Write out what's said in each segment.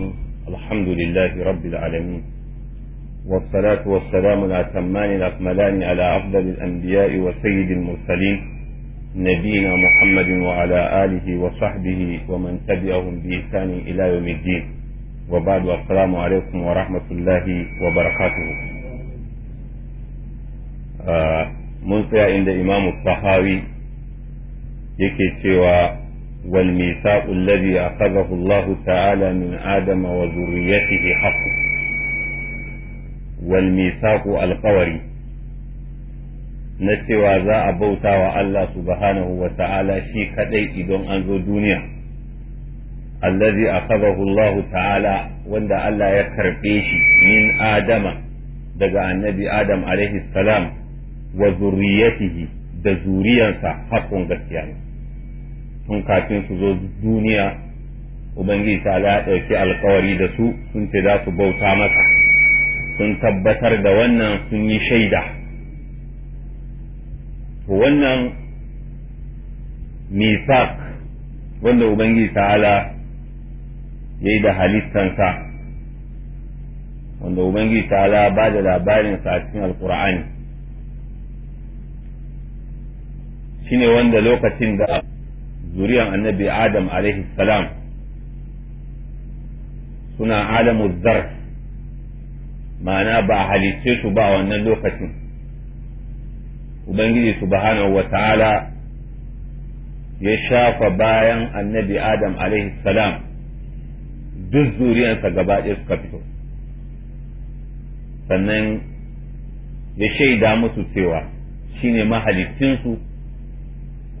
وبركاته الحمد لله رب العالمين والصلاة والسلام الأتمان الأكملان على أفضل الأنبياء وسيد المرسلين نبينا محمد وعلى آله وصحبه ومن تبعهم بإحسان إلى يوم الدين وبعد السلام عليكم ورحمة الله وبركاته آه من عند إمام الصحاوي yake cewa والميثاق الذي أخذه الله تعالى من آدم وذريته حق والميثاق القوري نتوى ذا أبوتا وألا سبحانه وتعالى شي كدي إدون أنزو دنيا الذي أخذه الله تعالى وند ألا يكربيش من آدم دقى النبي آدم عليه السلام وذريته دزوريا حق قسيانه Sun kafin su zo duniya ubangiji ta ya ɗauki alkawari da su sun ce za su bauta masa sun tabbatar da wannan sun yi shaida wannan misak wanda ubangiji ala ya yi da halittansa wanda ubangiji ala ba da labarinsa a cikin alkur'ani shine wanda lokacin da zuriyar annabi adam alaihi salam suna alamu zar ma'ana ba halicce su ba wannan lokacin ubangiji subhanahu wa ta'ala ya shafa bayan annabi adam alaihi salam duk zuriyarsa gaba ɗaya suka fito sannan ya shaida musu cewa shine mahalicinsu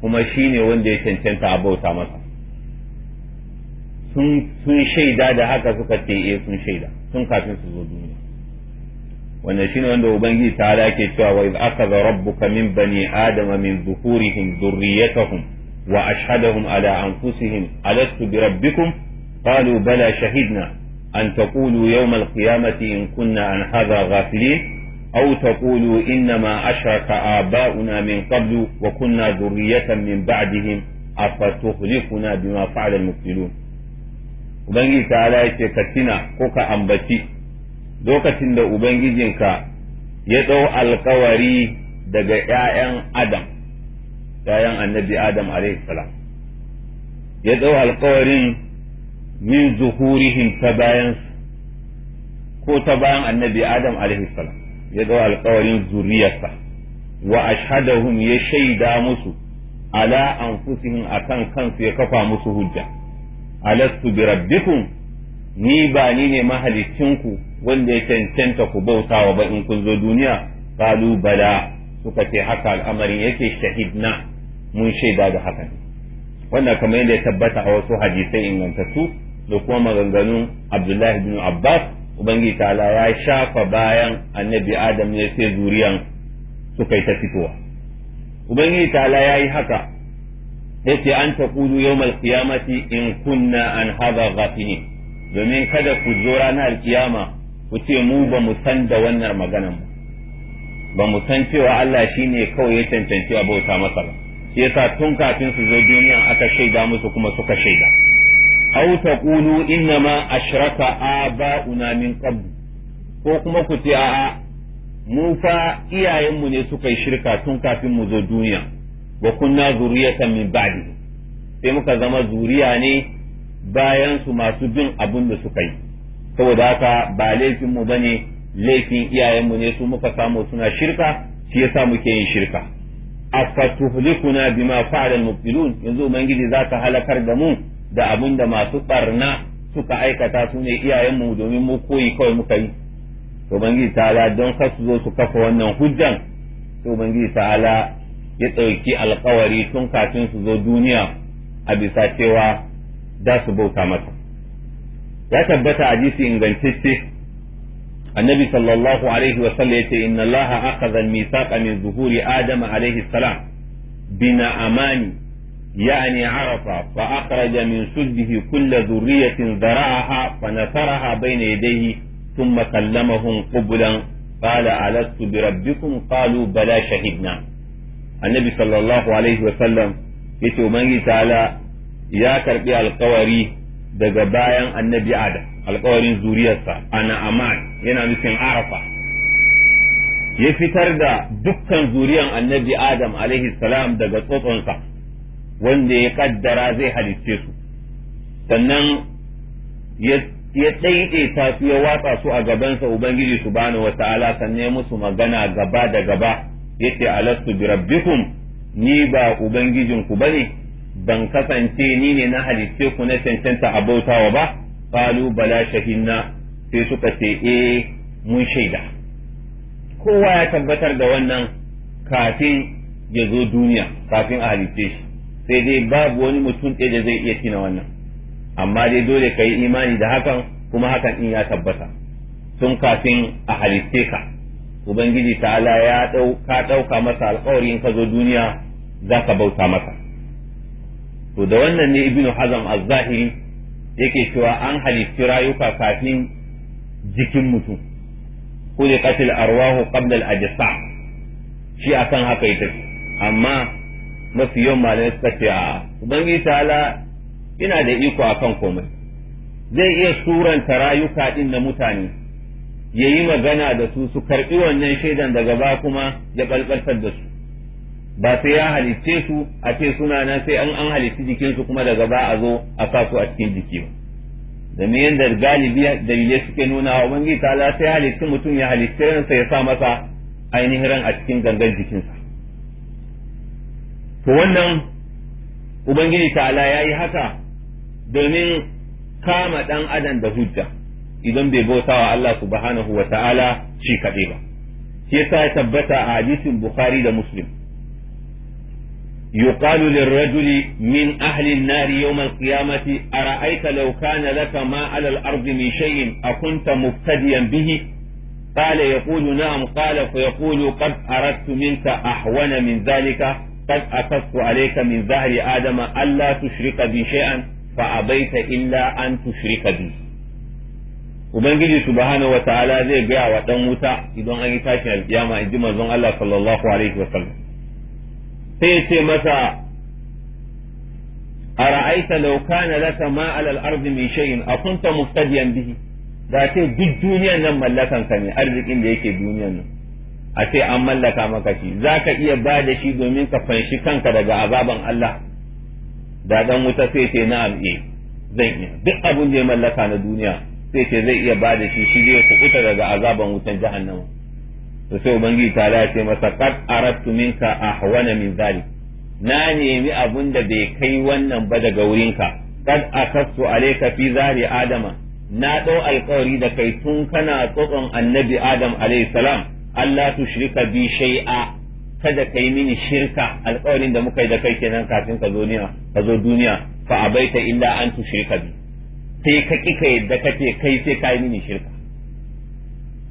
kuma shine wanda ya cancanta a bauta masa sun shaida da haka suka ce eh sun shaida sun kafin su zo duniya shi shine wanda ubangiji ta ke cewa wa iz akhadha rabbuka min bani adama min dhuhurihim dhurriyyatahum wa ashhadahum ala anfusihim alastu bi rabbikum qalu bala shahidna an taqulu yawm al-qiyamati in kunna an hadha ghafilin أو تقولوا إنما أشرك آباؤنا من قبل وكنا ذرية من بعدهم أفتهلكنا بما فعل المفسدون Ubangiji ta ya ce ka tina ko ka ambaci lokacin da Ubangijinka ya ɗau alkawari daga ‘ya'yan Adam, ‘ya'yan annabi Adam salam ya ɗau alkawarin min zuhurihim ta bayan ko ta bayan annabi Adam salam ya ga alkawarin zuriyarsa wa ashhadahum ya shaida musu ala anfusihim akan kansu ya kafa musu hujja alastu bi rabbikum ni ba ni ne mahalicinku wanda ya cancanta ku bautawa ba in kun zo duniya qalu bala suka ce haka al'amarin yake shahidna mun shaida da haka wannan kamar yadda ya tabbata a wasu hadisai ingantattu da kuma maganganun Abdullahi bin Abbas ubangi ta'ala ya shafa bayan annabi adam ne sai zuriyan suka yi ta fitowa ubangiji ta'ala ya yi haka yace an taqulu yawmal qiyamati in kunna an hadha ghafilin domin kada ku zo ranar alkiyama ku ce mu ba mu san da wannan maganan mu ba mu san cewa Allah shine kawai ya cancanci a bauta masa ba shi yasa tun kafin su zo duniya aka shaida musu kuma suka shaida aw taqulu innama ashraka aba'una min qabl ko kuma ku ce a'a mu fa iyayenmu ne suka yi shirka tun kafin mu zo duniya wa kunna zuriyatan min ba'di sai muka zama zuriya ne bayan su masu bin abin da suka yi saboda haka ba laifin mu bane laifin iyayenmu ne su muka samu suna shirka shi yasa muke yin shirka afatuhlikuna bima fa'ala al yanzu ubangiji zaka halakar da mu da abin da masu barna suka aikata su ne iyayenmu domin mu koyi kawai muka yi to ta ta'ala don kar su zo su kafa wannan hujjan sai ta ta'ala ya ɗauki alkawari tun kafin su zo duniya a bisa cewa za su bauta masa ya tabbata a jisi ingantacce annabi sallallahu alaihi wa sallam yace inna allaha akhadha al-mithaqa min zuhuri adam alaihi salam bina amani يعني عرف فأخرج من سده كل ذرية ذرعها فنثرها بين يديه ثم كلمهم قبلا قال ألست بربكم قالوا بلى شهدنا النبي صلى الله عليه وسلم يتومني تعالى يا كربي القواري daga bayan annabi Adam alkawarin zuriyarsa ana aman yana nufin arafa ya fitar da dukkan zuriyan annabi Adam alaihi salam daga tsotsonsa wanda ya kaddara zai halicce su sannan ya ta su ya watsa su a gabansa ubangiji su subhanahu wataala sannan ya musu magana gaba da gaba ya ce alastu bi rabbikum ni ba ubangijinku bane ban kasance ni ne na halicce ku na cancanta a bautawa ba Falu bala shahinna sai suka ce eh mun shaida kowa ya tabbatar da wannan kafin ya zo duniya kafin a halicce shi sai dai babu wani mutum ɗaya da zai iya tina wannan amma dai dole ka yi imani da hakan kuma hakan in ya tabbata tun kafin a halitte ka ubangiji ta'ala ya ɗau ka ɗauka masa alƙawari in ka zo duniya za ka bauta masa to da wannan ne ibnu hazam az-zahiri yake cewa an halitti rayuka kafin jikin mutum khuliqatil arwahu qabla al-ajsa shi akan haka yake amma mafi yawan malamai suka ce a ubangiji ta'ala ina da iko a kan komai zai iya suranta rayuka din na mutane ya yi magana da su su karɓi wannan shaidan daga ba kuma ya ɓalɓaltar da su ba sai ya halicce su a ce suna nan sai an an halicci jikinsu kuma daga ba a zo a sa su a cikin jiki ba me yanda galibi dalilai suke nuna wa ubangiji ta sai halicci mutum ya halicce ransa ya sa masa ainihin ran a cikin gangan jikinsa to wannan ubangiji ta'ala ya yi haka domin kama ɗan adam da hujja idan bai bauta wa Allah subhanahu wa ta'ala shi kaɗai ba shi yasa ya tabbata a hadisin bukhari da muslim يقال للرجل من أهل النار يوم القيامة أرأيت لو كان لك ما على الأرض من شيء أكنت مبتديا به قال يقول نعم قال فيقول قد أردت منك أحون من ذلك قد أخذت عليك من ظهر آدم ألا تشرك بي شيئا فأبيت إلا أن تشرك بي Ubangiji subhanahu wa ta'ala zai gaya wa ɗan wuta idan an yi tashin alƙiyama in ji manzon Allah sallallahu alaihi wa Sai ya ce masa a ra'aita law kana laka ma alal ardi min shay'in akunta muftadiyan bihi da ce duk duniyan nan mallakan ka ne arzikin da yake duniyan nan a ce an mallaka maka shi za ka iya ba da shi domin ka fanshi kanka daga azaban Allah da dan wuta sai ce na'am eh zan iya duk abin da ya mallaka na duniya sai ce zai iya ba da shi shi zai kuɓuta daga azaban wutan jahannama to sai ubangiji ta ya ce masa qad aradtu minka ahwana min zalik na nemi abun da bai kai wannan ba daga wurinka qad akastu alayka fi zari adama na ɗau alkawari da kai tun kana tsotson annabi adam alayhi salam Allah shirka bi shay'a kada kai mini shirka alƙawarin da muka yi da kai kenan kafin ka zo duniya ka zo duniya fa abaita illa an shirka bi sai ka ki ka yadda kace kai sai ka yi mini shirka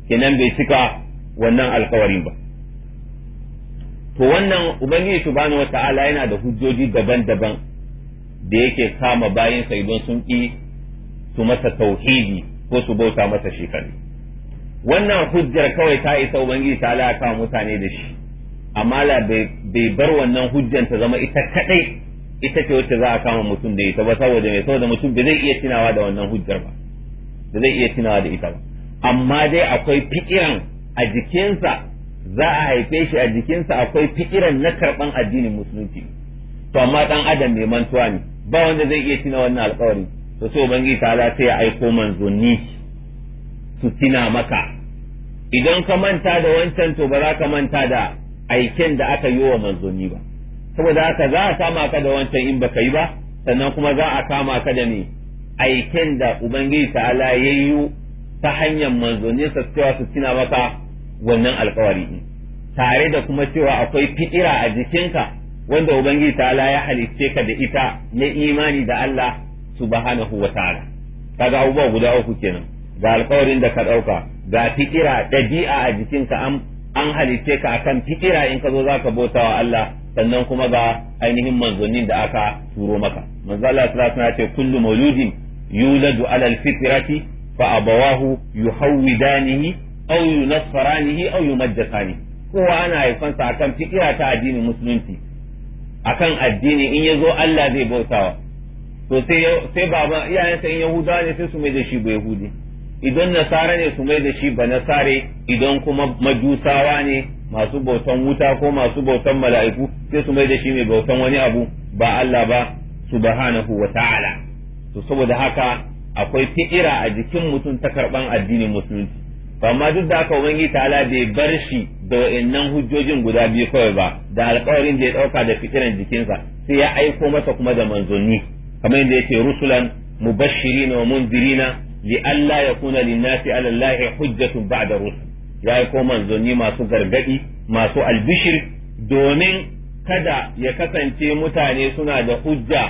kenan bai cika wannan alƙawarin ba to wannan ubangiji subhanahu wata'ala yana da hujjoji daban-daban da yake kama bayin sai don sun ki su masa tauhidi ko su bauta masa shi wannan hujjar kawai ta isa ubangiji ta alaka mutane da shi amma la bai bar wannan hujjar ta zama ita kadai ita ce wacce za a kama mutum da ita ba saboda mai saboda mutum ba zai iya tunawa da wannan hujjar ba ba zai iya tunawa da ita ba amma dai akwai fikiran a jikinsa za a haife shi a jikinsa akwai fikiran na karban addinin musulunci to amma dan adam mai mantuwa ne ba wanda zai iya tuna wannan alkawari to sai ubangiji ta sai ya aiko manzonni su tina maka idan ka manta da wancan to ba za ka manta da aikin da aka yi wa manzoni ba saboda haka za a kama ka da wancan in baka yi ba sannan kuma za a kama ka da ne aikin da ubangiji ta ala ya yi ta hanyar manzoni sa cewa su tina maka wannan alkawari tare da kuma cewa akwai fitira a jikinka wanda ubangiji ta ala ya halicce ka da ita na imani da Allah subhanahu wa ta'ala kaga abubuwa guda uku kenan ga alkawarin da ka ɗauka. ga fikira bi'a a jikinka an an ka akan fikira in ka zo zaka bauta wa Allah sannan kuma ga ainihin manzonin da aka turo maka manzo Allah sallallahu alaihi ce kullu mauludin yuladu ala alfitrati fa abawahu yuhawidanihi aw yunassaranihi aw yumajjasani kowa ana haifansa akan fikira ta addinin musulunci akan addini in yazo Allah zai bautawa to sai sai baba iyayensa in yahudawa ne sai su mai da shi ba yahudi idan nasara ne su mai da shi ba nasare idan kuma majusawa ne masu bautan wuta ko masu bautan mala'iku sai su mai da shi mai bautan wani abu ba Allah ba subhanahu wa ta'ala to saboda haka akwai fi'ira a jikin mutum ta karban addinin musulunci amma duk da haka ubangiji ta'ala bai bar shi da wa'annan hujjojin guda biyu kawai ba da alƙawarin da ya ɗauka da fitiran jikinsa sai ya aiko masa kuma da manzanni kamar yadda yake rusulan mubashirina wa mundirina li alla yakuna linnasi ala allahi hujjatun ba'da rusul Ya ko manzoni masu gargadi masu albishir domin kada ya kasance mutane suna da hujja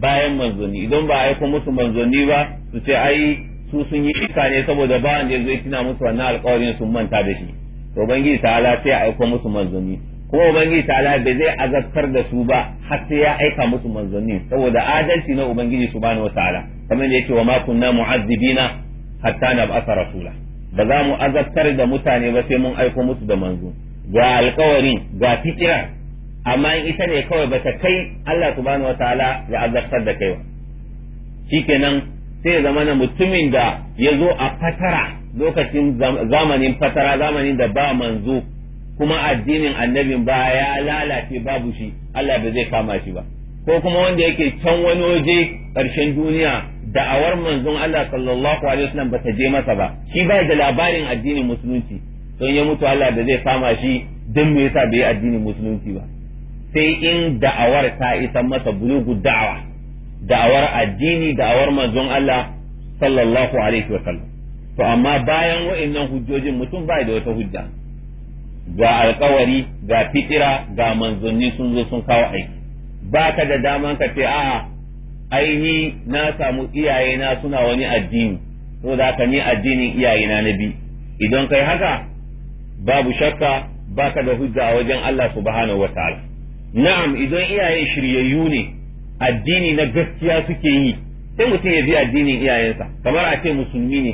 bayan manzoni. idan ba aiko musu manzoni ba su ce ai su sun yi shika ne saboda ba wanda zai tuna musu wannan alƙawarin sun manta da shi to bangi ta ala sai aiko musu manzoni. ko ubangiji ta'ala bai zai azabtar da su ba har sai ya aika musu manzanni saboda adalci na ubangiji subhanahu wataala kamar da yake wa ma kunna mu'azzibina hatta nab'atha rasula ba za mu azabtar da mutane ba sai mun aiko musu da manzo ga alƙawarin ga fikira amma in ita ne kawai bata kai Allah subhanahu wataala ya azabtar da kai ba shikenan sai ya zama na mutumin da ya zo a fatara lokacin zamanin fatara zamanin da ba manzo kuma addinin annabin ba ya lalace babu shi Allah ba zai kama shi ba ko kuma wanda yake can wani waje ƙarshen duniya da'awar manzon Allah sallallahu alaihi wasallam bata je masa ba shi ba da labarin addinin musulunci don ya mutu Allah ba zai kama shi don me yasa bai addinin musulunci ba sai in da'awar ta isa masa bulugu da'awa da'awar addini da'awar manzon Allah sallallahu alaihi wasallam to amma bayan wa'annan hujjojin mutum ba da wata hujja ga alkawari ga fitira ga manzanni sun zo sun kawo aiki ba ka da daman ka ce a'a aini na samu iyayena suna wani addini so da ka ni addinin iyayena na bi idan kai haka babu shakka ba ka da hujja a wajen Allah subhanahu wataala na'am idan iyaye shiryayyu ne addini na gaskiya suke yi sai mutum ya bi addinin iyayensa kamar a ce musulmi ne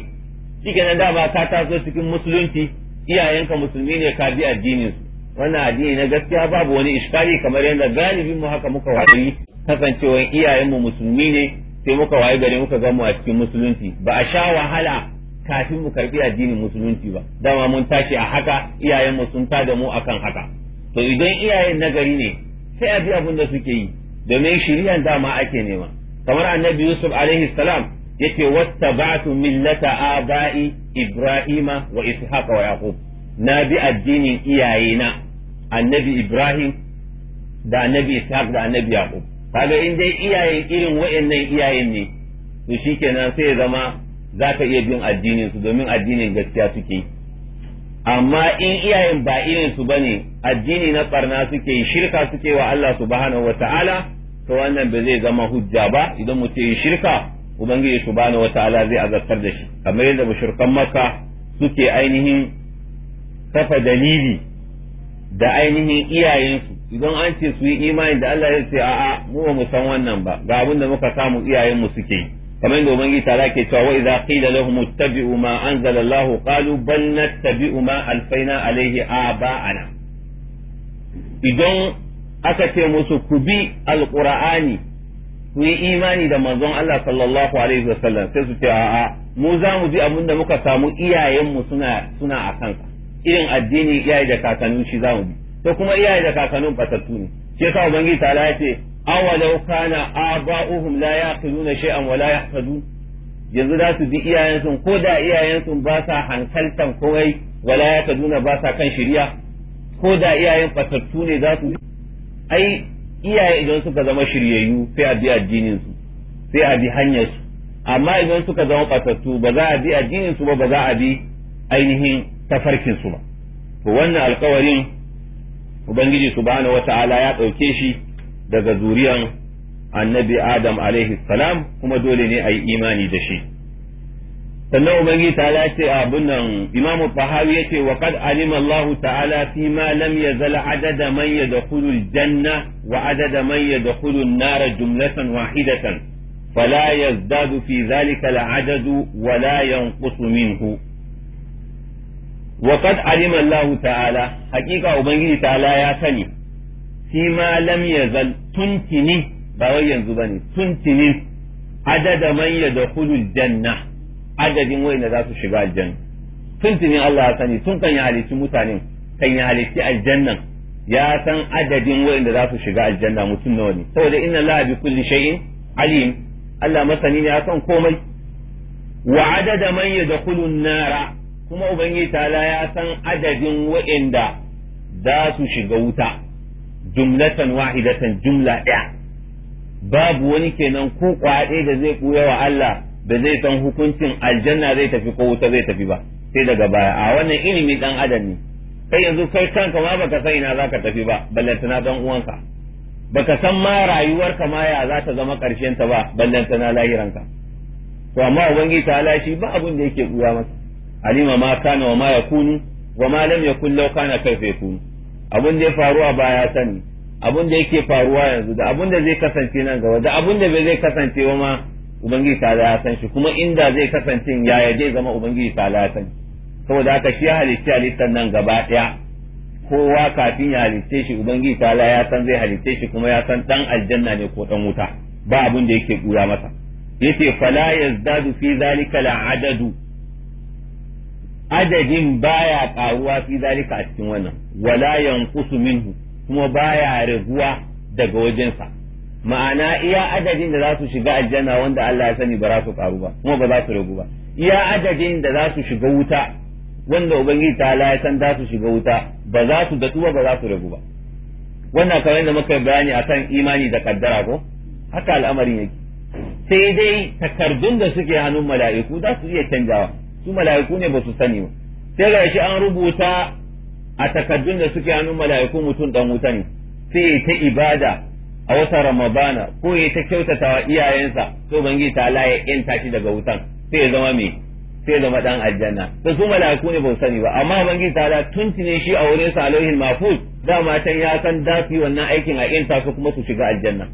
shi kenan dama ka taso cikin musulunci iyayenka musulmi ne ka bi addinin su wannan addini na gaskiya babu wani iskali kamar yadda galibin mu haka muka wayi kasancewa iyayen mu musulmi ne sai muka wayi gari muka gamu a cikin musulunci ba a sha wahala kafin mu karbi addinin musulunci ba dama mun tashi a haka iyayen mu sun da mu akan haka to idan iyayen nagari ne sai a bi abin da suke yi domin shiriyan dama ake nema kamar annabi yusuf alaihi salam yake wattaba'tu millata aba'i ibrahima wa ishaqa wa yaqub na bi addinin iyayena annabi ibrahim da annabi ishaq da annabi yaqub kaga in dai iyaye irin wayannan iyaye ne to shikenan sai zama ka iya bin addinin su domin addinin gaskiya suke amma in iyayen ba irin su bane addini na barna suke shirka suke wa Allah subhanahu ta'ala, to wannan ba zai zama hujja ba idan mutum shirka ubangiji subhanahu ta'ala zai azabtar da shi kamar yadda mushrikan makka suke ainihin kafa dalili da ainihin iyayensu idan an ce su yi imani da Allah ya ce a'a mu ba mu san wannan ba ga abin da muka samu iyayen mu suke yi kamar yadda ubangiji ta ke cewa wa idza qila lahum ittabi'u ma anzala Allah qalu bal nattabi'u ma alfaina alaihi aba'ana idan aka ce musu ku bi alqur'ani ku yi imani da manzon Allah sallallahu alaihi wasallam sai su ce a'a mu za mu ji abin da muka samu iyayenmu suna suna a kansa irin addini iyaye da kakannin shi za mu bi to kuma iyaye da kakannin fatattu ne shi yasa ubangiji ta ya ce awalau kana aba'uhum la yaqiluna shay'an wa la yahtadun yanzu za su bi iyayensu ko da iyayensu ba sa hankaltan kowai wala yahtaduna ba sa kan shirya ko da iyayen fatattu ne za su ai iyaye idan suka zama shiryayyu sai a bi addinin su sai a bi hanyar su amma idan suka zama batattu ba za a bi addinin su ba ba za a bi ainihin tafarkin su ba to wannan alkawarin ubangiji subhanahu wataala ya dauke shi daga zuriyan annabi adam alaihi salam kuma dole ne a yi imani da shi sannan ubangi ta ce abun nan imam fahawi yace wa qad alima Allah ta'ala fi ma lam yazal adada man da al-janna wa adada man yadkhulu an-nar jumlatan wahidatan فلا يزداد في ذلك العدد ولا ينقص ya وقد علم الله تعالى حقيقة أبنجي تعالى يا سني فيما لم يزل تنتني بغي ينزبني تنتني عدد da يدخل الجنة adadin wayanda za su shiga aljanna tuntunin Allah ya sani tun kan ya halici mutanen kan ya halici aljannan ya san adadin wayanda za su shiga aljanna mutum nawa ne saboda inna Allah bi kulli shay'in alim Allah masani ne ya san komai wa adada man yadkhulu nara kuma ubangiji ta'ala ya san adadin wayanda za su shiga wuta jumlatan wahidatan jumla ɗaya babu wani kenan ko kwaɗe da zai koya wa Allah da zai san hukuncin aljanna zai tafi ko wuta zai tafi ba sai daga baya a wannan ilimi dan adam ne kai yanzu kai kanka ma baka san ina zaka tafi ba na dan uwanka baka san ma rayuwarka ma ya za ta zama karshen ta ba na lahiranka to amma ubangi ta shi ba abun da yake buya masa alima ma kana wa ma yakunu wa ma lam yakun law kana kaifa yakunu abun da ya faru a baya sani abun da yake faruwa yanzu da abun da zai kasance nan gaba da abun da bai zai kasance ba ma ubangiji ta ya san shi kuma inda zai kasance ya zai zama ubangiji ta ya san saboda haka shi ya halitta halittar nan gaba daya kowa kafin ya halitte shi ubangiji ta ya san zai halitte shi kuma ya san dan aljanna ne ko dan wuta ba abin da yake kura masa yace fala yazdadu fi zalika la adadu adadin baya karuwa fi zalika a cikin wannan wala yanqusu minhu kuma baya raguwa daga wajensa ma'ana iya adadin da za su shiga aljanna wanda Allah ya sani ba za su karu ba kuma ba za su ragu ba iya adadin da za su shiga wuta wanda ubangiji ta ya san za su shiga wuta ba za su datu ba za su ragu ba wannan kamar yadda muka bayani akan imani da kaddara ko haka al'amarin yake sai dai takardun da suke hannun mala'iku za su iya canjawa su mala'iku ne ba su sani ba sai ga shi an rubuta a takardun da suke hannun mala'iku mutum dan wuta ne sai ta ibada a wata ramadana ko ya ta kyautata wa iyayensa to bangi ta la ya yanta shi daga wutan sai ya zama me sai ya zama dan aljanna to su mala'iku ne ba sani ba amma bangi ta la tuntune shi a wurin sa alaihi mafuz ma can ya san da wannan aikin a yanta su kuma su shiga aljanna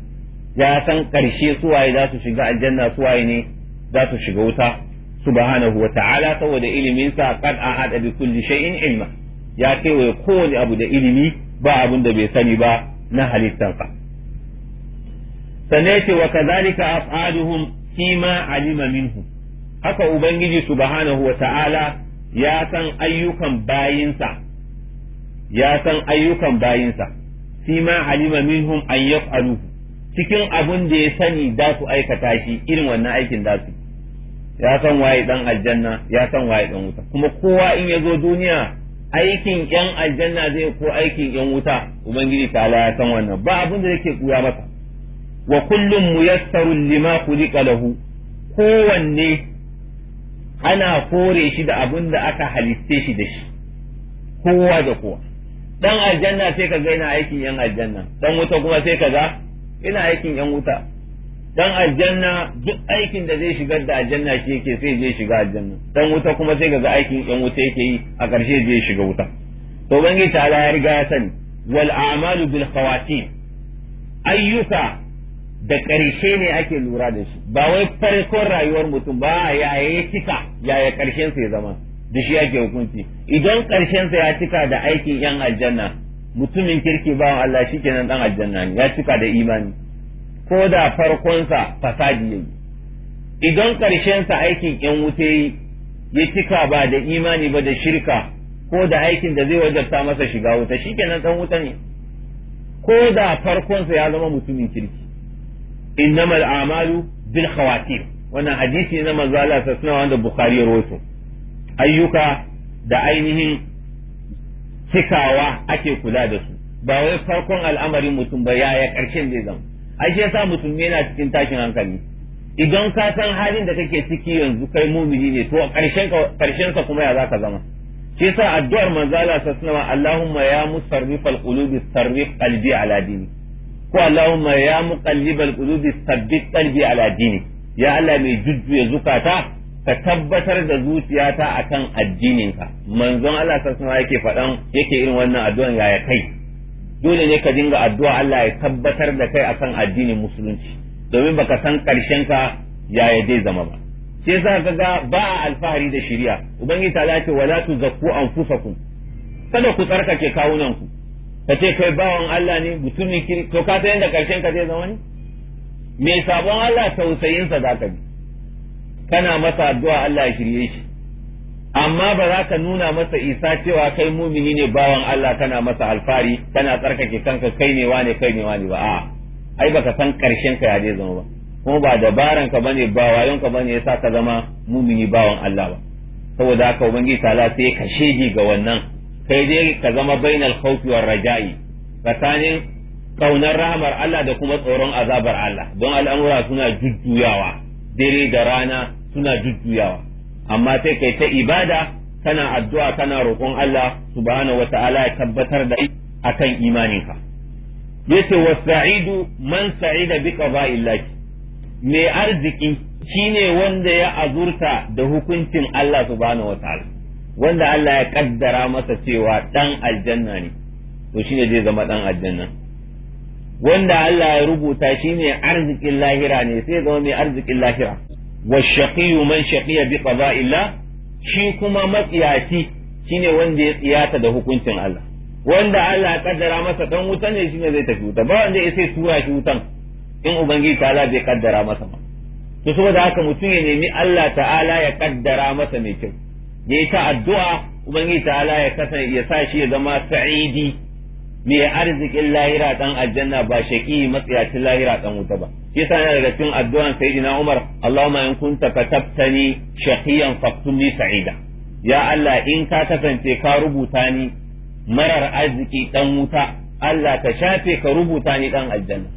ya san karshe waye za su shiga aljanna waye ne za su shiga wuta subhanahu wa ta'ala saboda iliminsa qad ahada bi kulli shay'in ilma ya kewaye kowane abu da ilimi ba abun da bai sani ba na halittanka. sannan ce wa kazalika af'aluhum ma alima minhu haka ubangiji subhanahu wa ta'ala ya san ayyukan bayinsa ya san ayyukan bayinsa ma alima minhum an yaf'alu cikin abun da ya sani da su aikata shi irin wannan aikin da su ya san waye dan aljanna ya san waye dan wuta kuma kowa in ya zo duniya aikin yan aljanna zai ko aikin yan wuta ubangiji ta'ala ya san wannan ba abin da yake kuya masa wa kullum yassarun lima khuliqa lahu kowanne ana kore shi da abin da aka halitte shi da shi kowa da kowa dan aljanna sai ka ga yana aikin yan aljanna dan wuta kuma sai ka ga ina aikin yan wuta dan aljanna duk aikin da zai shigar da aljanna shi yake sai je shiga aljanna dan wuta kuma sai ga aikin yan wuta yake yi a ƙarshe je shiga wuta to bangi ta ya riga ya sani wal a'malu bil khawatim ayyuka da ƙarshe ne ake lura da shi ba wai farkon rayuwar mutum ba ya ya cika ya ya ƙarshen sa ya zama da shi ake hukunci idan ƙarshen sa ya cika da aikin yan aljanna mutumin kirki ba Allah shikenan dan aljanna ne ya cika da imani ko da farkon sa fasadi yayi idan ƙarshen sa aikin yan wuta ya cika ba da imani ba da shirka ko da aikin da zai wajabta masa shiga wuta shikenan dan wuta ne ko da farkon sa ya zama mutumin kirki innamal a'malu bil khawatim wannan hadisi ne na manzo Allah sallallahu wanda Bukhari ya rawaito ayyuka da ainihin cikawa ake kula da su ba wai farkon al'amarin mutum ba yaya karshen zai zama ai shi mutum yana cikin takin hankali idan ka san halin da kake ciki yanzu kai mumini ne to karshen sa kuma ya za ka zama shi yasa addu'ar manzo Allah sallallahu alaihi wasallam Allahumma ya musarrifal qulubi sarrif qalbi ala dini ko Allahumma ya muqallibal qulubi tsabbit qalbi ala dini ya Allah mai jujjuya zukata ka tabbatar da zuciyata akan addininka manzon Allah sallallahu alaihi yake faɗan yake irin wannan addu'an yaya kai dole ne ka dinga addu'a Allah ya tabbatar da kai akan addinin musulunci domin baka san karshen ka yaya dai zama ba sai za ka ga ba alfahari da shari'a ubangiji ta ce wala tuzakku anfusakum kada ku tsarkake kawunan ku ka ce kai bawan Allah ne mutumin kiri to ka san yadda karshen ka zai zama ne mai sabon Allah tausayinsa za ka bi kana masa addu'a Allah ya shirye shi amma ba za ka nuna masa isa cewa kai mumini ne bawan Allah kana masa alfari kana tsarkake kanka kai ne wane kai ne wane ba a'a ai baka san karshen ka ya zai zama ba kuma ba dabaran ka bane ba wayon ka bane yasa ka zama mumini bawan Allah ba saboda haka ubangiji ta sai ka kashe ga wannan sai dai ka zama bainar khawfi war raja'i tsakanin kaunar rahmar Allah da kuma tsoron azabar Allah don al'amura suna jujjuyawa dare da rana suna jujjuyawa amma sai kai ta ibada kana addu'a kana roƙon Allah subhanahu wata'ala ya tabbatar da akan imaninka yace wasa'idu man sa'ida bi qada'illah mai arziki shine wanda ya azurta da hukuncin Allah subhanahu wata'ala wanda Allah ya kaddara masa cewa dan aljanna ne to shine zai zama dan aljanna wanda Allah ya rubuta shine arzikin lahira ne sai zama mai arzikin lahira washaqiyu man shaqiya bi qada'illah shi kuma matsiyaci shine wanda ya tsiyata da hukuncin Allah wanda Allah ya kaddara masa dan wuta ne shine zai tafi wuta ba wanda ya sai tura shi wutan in ubangiji ta'ala bai kaddara masa ba to saboda haka mutum ya nemi Allah ta'ala ya kaddara masa mai kyau ya yi ta addu'a ubangiji ta'ala ya kasan ya sa shi ya zama sa'idi mai arzikin lahira ɗan aljanna ba shaƙi, matsiyacin lahira ɗan wuta ba shi yasa yana daga cikin addu'an sayyidina Umar ma in kunta katabtani shaqiyan faktumi sa'ida ya Allah in ka kasance ka rubuta ni marar arziki ɗan wuta Allah ka shafe ka rubuta ni ɗan aljanna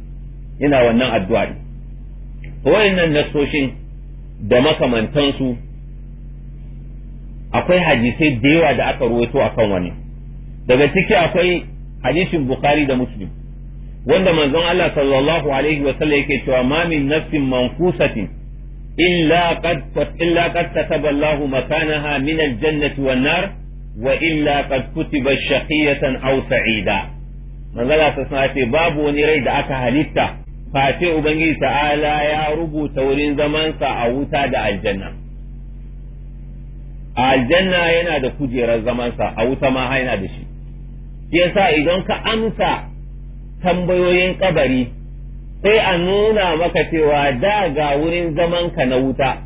ina wannan addu'a ne wayannan nasoshin da makamantansu akwai hadisai da yawa da aka ruwaito akan wani daga ciki akwai hadisin bukhari da muslim wanda manzon Allah sallallahu alaihi wa sallam yake cewa ma min nafsin manfusatin illa qad illa qad kataba Allah makanaha min al-jannati wan nar wa illa qad kutiba shaqiyatan aw sa'ida manzon Allah sallallahu alaihi babu wani rai da aka halitta face ubangiji ta'ala ya rubuta wurin zamansa a wuta da aljanna a aljanna yana da kujerar zamansa a wuta ma yana da shi yasa idan ka amsa tambayoyin kabari sai a nuna maka cewa da ga wurin zamanka na wuta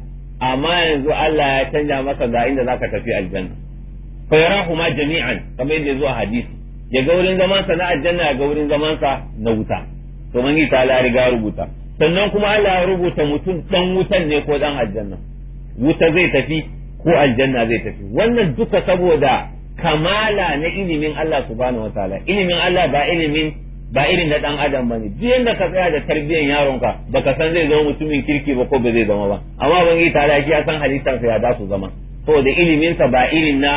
amma yanzu Allah ya canja maka ga inda zaka tafi aljanna fa yarahuma jami'an kamar yadda zuwa hadisi ya ga wurin zamansa na aljanna ya ga wurin zamansa na wuta to yi ta la riga rubuta sannan kuma Allah ya rubuta mutum dan wutan ne ko dan aljanna wuta zai tafi ko aljanna zai tafi wannan duka saboda kamala na ilimin Allah subhanahu wataala ilimin Allah ba ilimin ba irin na dan adam bane duk yanda ka tsaya da tarbiyyar yaronka baka san zai zama mutumin kirki ba ko ba zai zama ba amma ban yi tare ya san halittar sa ya da su zama saboda ilimin sa ba irin na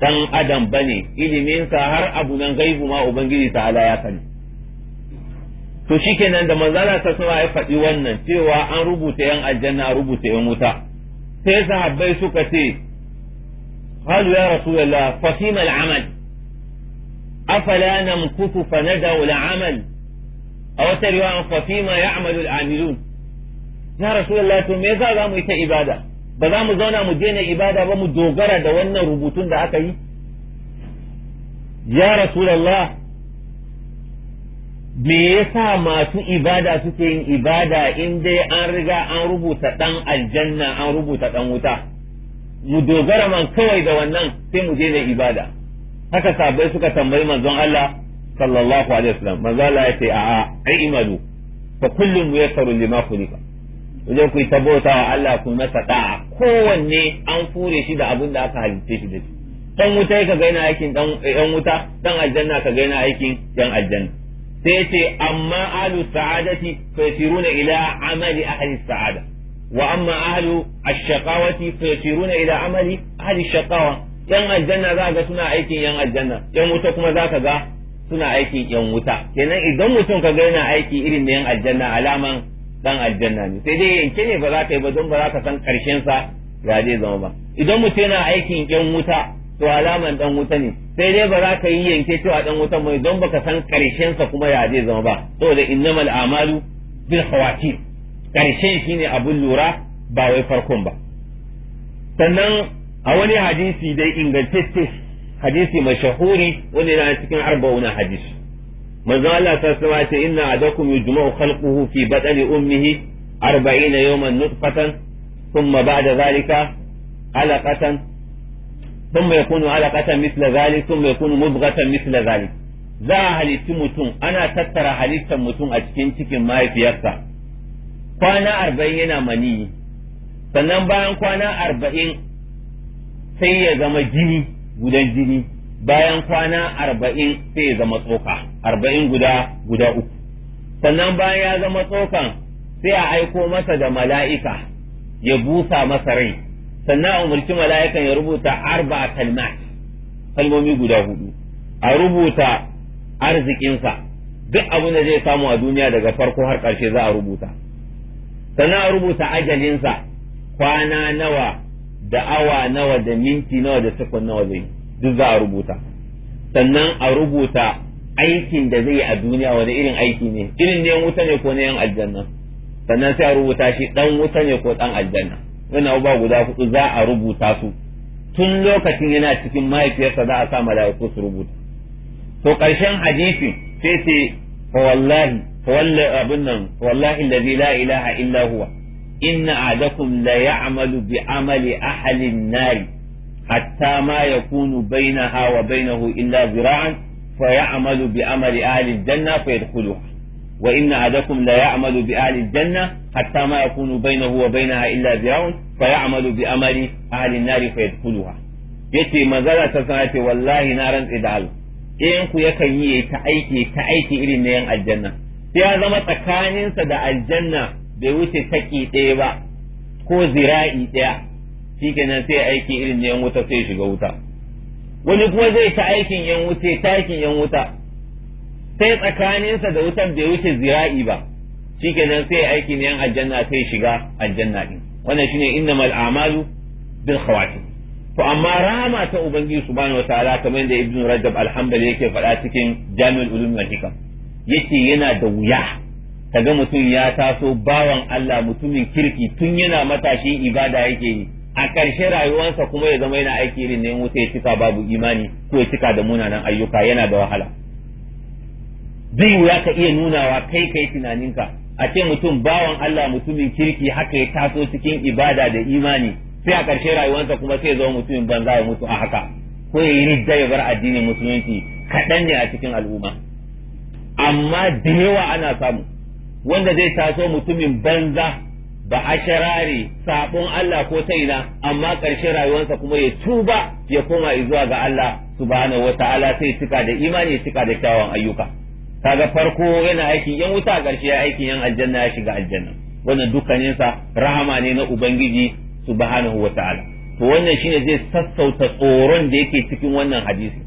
dan adam bane ilimin sa har abu nan gaibu ma ubangiji ta'ala ya sani to shikenan da manzala ta sama ya faɗi wannan cewa an rubuta yan aljanna a rubuta yan wuta سيسعى بيتك تي قالوا يا رسول الله فصيم العمل أفلا نمكث فندع العمل أو تريد أن فصيم يعمل العاملون يا رسول الله ثم إذا قاموا إتى إبادة بقاموا زونا مدينة إبادة ومدوغرة دولنا ربوتون دعاك يا رسول الله me yasa masu ibada suke yin ibada in dai an riga an rubuta dan aljanna an rubuta dan wuta mu dogara man kawai da wannan sai mu je da ibada haka sabai suka tambayi manzon Allah sallallahu alaihi wasallam manzon Allah ya ce a ai imanu fa kullum muyassaru lima khuliqa idan ku ta bauta wa Allah ku masa da kowanne an fure shi da abin da aka halitta shi da shi dan wuta ka ga yana aikin dan yan eh, wuta dan aljanna ka ga yana aikin yan aljanna sai ce amma ahlu sa'adati fa yasiruna ila amali ahli sa'ada wa amma ahlu ash-shaqawati fa yasiruna ila amali ahli shaqawa yan aljanna za ga suna aikin yan aljanna yan wuta kuma za ka ga suna aikin yan wuta kenan idan mutum ka ga yana aiki irin na yan aljanna alaman dan aljanna ne sai dai yanke ne ba za ka yi ba don ba za ka san karshen sa ya zai zama ba idan mutum yana aikin yan wuta to alaman dan wuta ne sai dai ba za ka yi yanke cewa dan wuta mai don baka san karshen sa kuma ya zai zama ba saboda innamal a'malu bil khawatim karshen shine abun lura ba wai farkon ba sannan a wani hadisi dai ingantacce hadisi mashahuri wanda na cikin arba'una hadisi manzo Allah ta sama ce inna adakum yujma'u khalquhu fi badani ummihi 40 yawman nutfatan thumma ba'da zalika alaqatan ثم يكون علقة مثل ذلك ثم يكون مضغة مثل ذلك za a halitti mutum ana tattara halittar mutum a cikin cikin mahaifiyarsa kwana arba'in yana mani sannan bayan kwana arba'in sai ya zama jini gudan jini bayan kwana arba'in sai ya zama tsoka arba'in guda guda uku sannan bayan ya zama tsokan sai a aiko masa da mala'ika ya busa masa rai sannan a umarci mala'ikan ya rubuta arba kalmat kalmomi guda hudu a rubuta arzikinsa duk abin da zai samu a duniya daga farko har ƙarshe za a rubuta sannan a rubuta ajalinsa kwana nawa da awa nawa da minti nawa da sekon nawa zai duk za a rubuta sannan a rubuta aikin da zai yi a duniya wani irin aiki ne irin ne wuta ne ko ne yan aljanna sannan sai a rubuta shi dan wuta ne ko dan aljanna wannan abubuwa guda hudu za a rubuta su tun lokacin yana cikin mahaifiyarsa za a sa mala'iku su rubuta to ƙarshen hadisi sai ce fa wallahi fa wallahi abin nan fa wallahi allazi la ilaha illa huwa inna ahadakum la ya'malu bi amali ahli an-nar hatta ma yakunu bainaha wa bainahu illa zira'an fa ya'malu bi amali ahli al-janna fa yadkhuluha wa inna ahadakum la ya'malu bi ahli janna hatta ma yakunu bainahu wa bainaha illa zira'un fa ya'malu bi amali ahli an-nar fa yadkhuluha yace manzala ta sana wallahi na rantse da in ku yakan yi ta aiki ta aiki irin yan aljanna sai ya zama tsakaninsa da aljanna bai wuce taki ɗaya ba ko zira'i ɗaya shikenan sai aiki irin na yan wuta sai shiga wuta wani kuma zai ta aikin yan wuta takin yan wuta sai tsakaninsa da wutar bai wuce zira'i ba shi shikenan sai aikin yan aljanna sai shiga aljanna din wannan shine innamal a'malu bil khawatim to amma rama ta ubangiji subhanahu wataala kamar yadda Ibn rajab alhamdul yake faɗa cikin jami'ul ulum wal hikam yace yana da wuya Ta ga mutum ya taso bawan Allah mutumin kirki tun yana matashi ibada yake yi a ƙarshe rayuwarsa kuma ya zama yana aiki irin ne wuta ya cika babu imani ko ya cika da munanan ayyuka yana da wahala zai ya ka iya nunawa kai kai tunaninka a ce mutum bawan Allah mutumin kirki haka ya taso cikin ibada da imani sai a ƙarshe rayuwarsa kuma sai zama mutumin banza ya mutu a haka ko ya yi ridda ya bar addinin musulunci kaɗan ne a cikin al'umma amma da yawa ana samu wanda zai taso mutumin banza ba a sharare sabon Allah ko ta ina amma ƙarshe rayuwarsa kuma ya tuba ya koma zuwa ga Allah subhanahu ta'ala sai cika da imani ya cika da kyawawan ayyuka kaga farko yana aiki yan wuta ƙarshe ya aiki yan aljanna ya shiga aljanna wannan dukkaninsa rahama ne na ubangiji subhanahu wataala to wannan shine zai sassauta tsoron da yake cikin wannan hadisi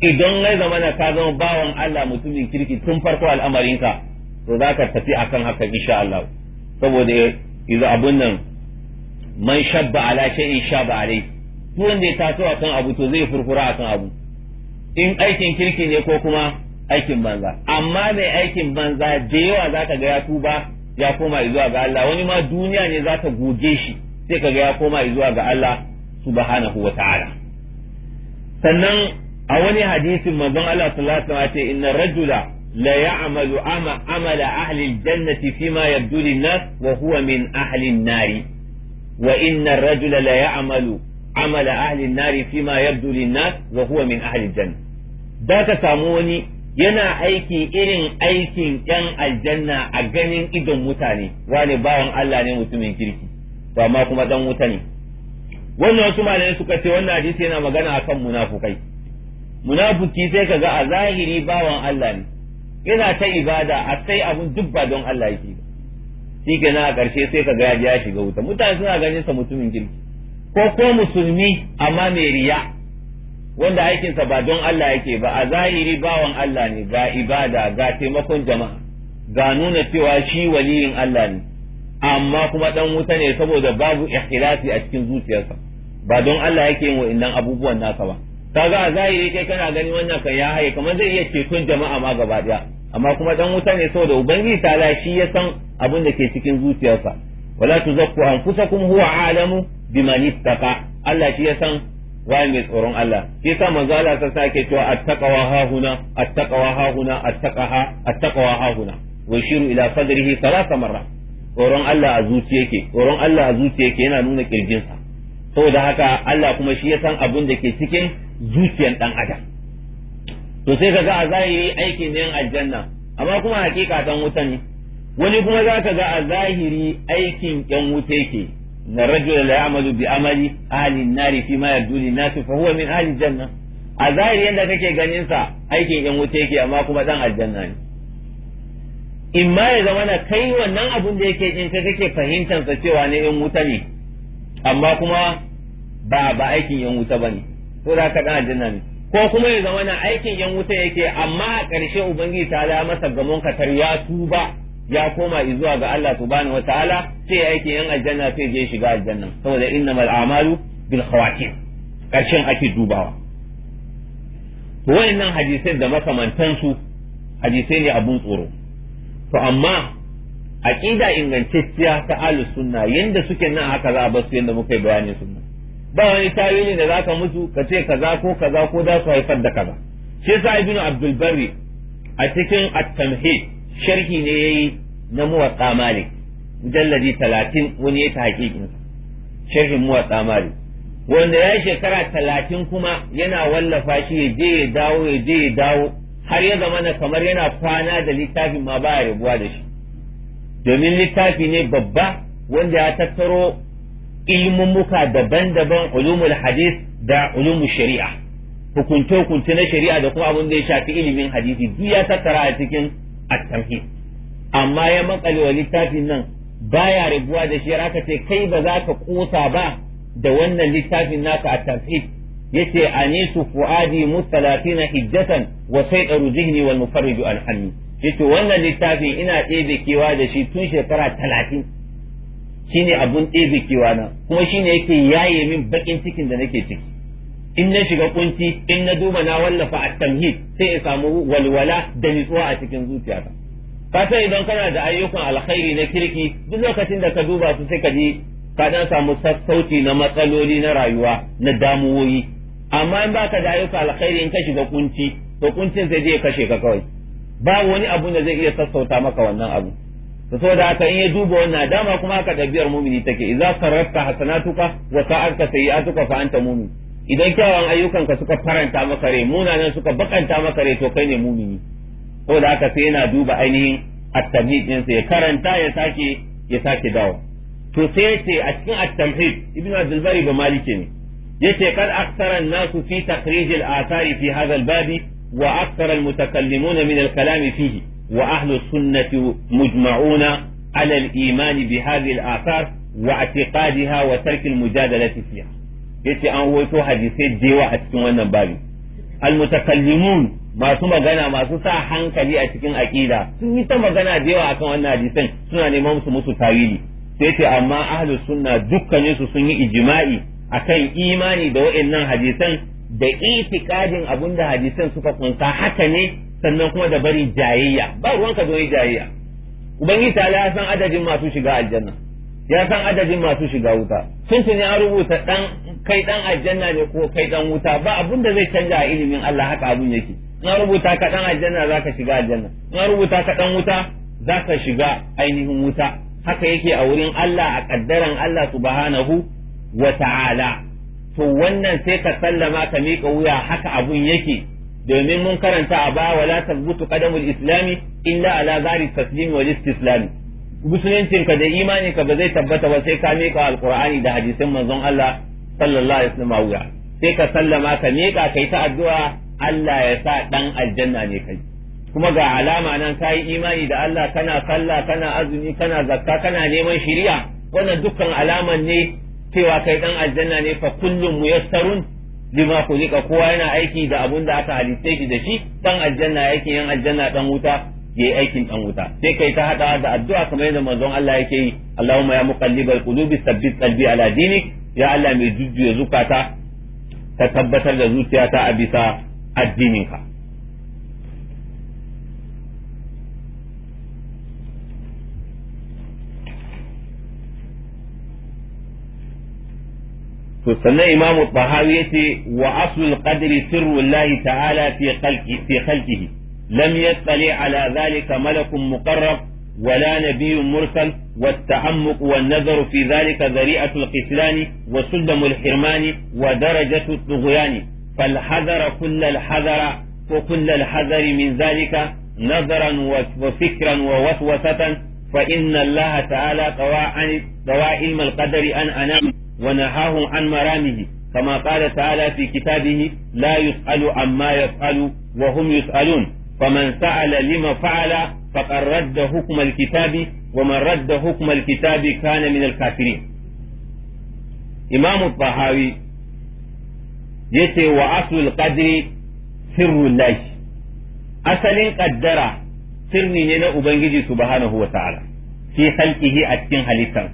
idan ya zama na ka zama bawan Allah mutumin kirki tun farko al'amarinka to za ka tafi akan haka insha Allah saboda yanzu abun nan man shabba ala shay'in shabba alai tuwon wanda ya taso akan abu to zai furfura akan abu in aikin kirki ne ko kuma aikin banza amma mai aikin banza da yawa zaka ga ya tuba ya koma zuwa ga Allah wani ma duniya ne za ta goge shi sai kaga ya koma zuwa ga Allah subhanahu wa ta'ala sannan a wani hadisin manzon Allah sallallahu alaihi wasallam ce inna rajula la ya'malu amala ahli aljannati fima yabdu lin wa huwa min ahli nari wa inna rajula la ya'malu amala ahli nari fima yabdu wa huwa min ahli janna da ka samu wani yana aiki irin aikin yan aljanna a ganin idon mutane wani bayan Allah ne mutumin kirki to amma kuma dan wuta ne wannan wasu malamai suka ce wannan hadisi yana magana akan munafukai munafuki sai kaga a zahiri bawan Allah ne yana ta ibada a sai abun duk ba don Allah yake shi ke a ƙarshe sai kaga ya shiga wuta mutane suna ganin sa mutumin kirki ko ko musulmi amma mai riya wanda aikinsa ba don Allah yake ba a zahiri bawan Allah ne ga ibada ga taimakon jama'a ga nuna cewa shi waliyin Allah ne amma kuma dan wuta ne saboda babu ikhlasi a cikin zuciyarsa ba don Allah yake yin wa'annan abubuwan nasa ba kaga a zahiri kai kana gani wannan kan ya haye kamar zai iya ceton jama'a ma gaba daya amma kuma dan wuta ne saboda ubangiji ta shi ya san abin da ke cikin zuciyarsa wala tuzakku anfusakum huwa alamu bima ittaqa Allah shi ya san waye mai tsoron Allah shi yasa manzo Allah sa sake cewa attaqwa ha huna attaqwa ha huna attaqaha attaqwa ha huna wa yashiru ila sadrihi thalatha marra tsoron Allah a zuciya yake tsoron Allah a zuciya yake yana nuna sa saboda haka Allah kuma shi ya san abin da ke cikin zuciyar dan adam to sai kaga a zahiri aikin ne aljanna amma kuma hakika dan wuta ne wani kuma zaka ga a zahiri aikin yan wuta yake ان الرجل لا يعمل بعمل اهل النار فيما يبدو للناس فهو من اهل الجنه a zahiri yadda kake ganin sa aikin yan wuta yake amma kuma dan aljanna ne in ma ya zama na kai wannan abun da yake in ka kake cewa ne yan wuta ne amma kuma ba ba aikin yan wuta bane to da ka dan aljanna ne ko kuma ya zama na aikin yan wuta yake amma a ƙarshe ubangiji ta masa gamon katar ya tuba ya koma izuwa ga Allah subhanahu wataala sai ya aiki yan aljanna sai je shiga aljanna saboda innamal a'malu bil khawatim karshen ake dubawa to hadisai da makamantan su hadisai ne abun tsoro to amma aqida ingantacciya ta ahlus sunna yanda suke nan haka za a bar su yanda muka yi bayanin sunna ba wani tawili da zaka musu ka ce kaza ko kaza ko za su haifar da kaza shi yasa ibnu abdul barri a cikin at-tamhid sharhi ne yayi na muwatta malik mujalladi 30 wani ya tahqiqin sharhin muwatta malik wanda ya shekara talatin kuma yana wallafa shi ya je ya dawo ya je ya dawo har ya zama na kamar yana kwana da littafin ma baya rabuwa da shi domin littafi ne babba wanda ya tattaro ilmummuka daban-daban ulumul hadis da ulumul shari'a hukunce-hukunce na shari'a da kuma abin da ya shafi ilimin hadisi duk ya tattara a cikin at-tamhid amma ya makale wa littafin nan baya rabuwa da shi raka ce kai ba za ka kosa ba da wannan littafin naka at-tamhid yace anisu fuadi mustalatina hijjatan wa saydaru zihni wal mufarriju an hanni yace wannan littafin ina ɗebe kewa da shi tun shekara talatin shine abun ɗebe kewa na kuma shine yake yaye min bakin cikin da nake ciki in na shiga kunci in na duba na wallafa a tamhid sai in samu walwala da nutsuwa a cikin zuciyata ka sai idan kana da ayyukan alkhairi na kirki duk lokacin da ka duba su sai ka ji ka dan samu sassauci na matsaloli na rayuwa na damuwoyi amma in baka da ayyukan alkhairi in ka shiga kunci to kuncin sai je kashe ka kawai babu wani abu da zai iya sassauta maka wannan abu to saboda aka in ya duba wannan dama kuma haka ɗabi'ar mumini take idza karatta hasanatuka wa sa'arka sayi'atuka fa anta mumin idan kyawun ayyukanka suka faranta maka rai munanan suka bakanta maka rai to kai ne mumini ko da haka sai yana duba ainihin at-tamhid din ya karanta ya sake ya sake dawo to sai ce a cikin at-tamhid ibnu abdul bari ba maliki ne yace kad aktsara an-nasu fi takhrij al-athari fi hadha al-bab wa aktsara al-mutakallimuna min al-kalam fihi wa ahlu sunnati mujma'una ala al-iman bi hadhihi al-athar wa i'tiqadiha wa tark al-mujadalati fiha yace an hoto hadisai da yawa a cikin wannan babi al mutakallimun masu magana masu sa hankali a cikin aqida sun yi ta magana da yawa akan wannan hadisan suna neman su musu tawili sai ce amma ahlus sunna dukkanin su sun yi ijma'i akan imani da wa'annan hadisan da itikadin abinda hadisan suka kunsa haka ne sannan kuma da bari jayayya ba ruwanka da yi jayayya ubangi ta ya san adadin masu shiga aljanna ya san adadin masu shiga wuta sun tuni an rubuta dan kai dan aljanna ne ko kai dan wuta ba abun da zai canja a ilimin Allah haka abun yake na rubuta ka dan aljanna zaka shiga aljanna na rubuta ka dan wuta zaka shiga ainihin wuta haka yake a wurin Allah a kaddaran Allah subhanahu wa ta'ala to wannan sai ka sallama ka miƙa wuya haka abun yake domin mun karanta a baya wala tabbutu qadamul islami illa ala zari taslim wal istislam ka da ka ba zai tabbata ba sai ka miƙa alqur'ani da hadisin manzon Allah sallallahu alaihi wasallam wuya sai ka sallama ka miƙa kai ta addu'a Allah ya sa dan aljanna ne kai kuma ga alama nan ka yi imani da Allah kana sallah kana azumi kana zakka kana neman shiriya wannan dukkan alaman ne cewa kai dan aljanna ne fa kullum muyassarun bima kulika kowa yana aiki da abun da aka halitta shi da shi dan aljanna yake yin aljanna dan wuta yayi aikin dan wuta sai kai ta hada da addu'a kamar yadda manzon Allah yake yi Allahumma ya muqallibal qulubi tsabbit qalbi ala dinik ya Allah mai jujjuya zukata ta tabbatar da zuciyata a bisa addininka sannan imamu tahawi yace wa aslul qadri sirru ta'ala fi khalqi fi khalqihi lam yattali ala zalika malakun muqarrab ولا نبي مرسل والتعمق والنظر في ذلك ذريعة القسلان وسلم الحرمان ودرجة الطغيان فالحذر كل الحذر وكل الحذر من ذلك نظرا وفكرا ووسوسة فإن الله تعالى قوى عن قوى علم القدر أن أنام ونهاه عن مرامه كما قال تعالى في كتابه لا يسأل عما يفعل وهم يسألون فمن سأل لما فعل faqad radda hukm kitabi wa man radda kitabi kana min al-kafirin imam tahawi yace wa aslul qadri sirrul lahi asalin qaddara sirri ne na ubangiji subhanahu wa ta'ala fi khalqihi a cikin halittar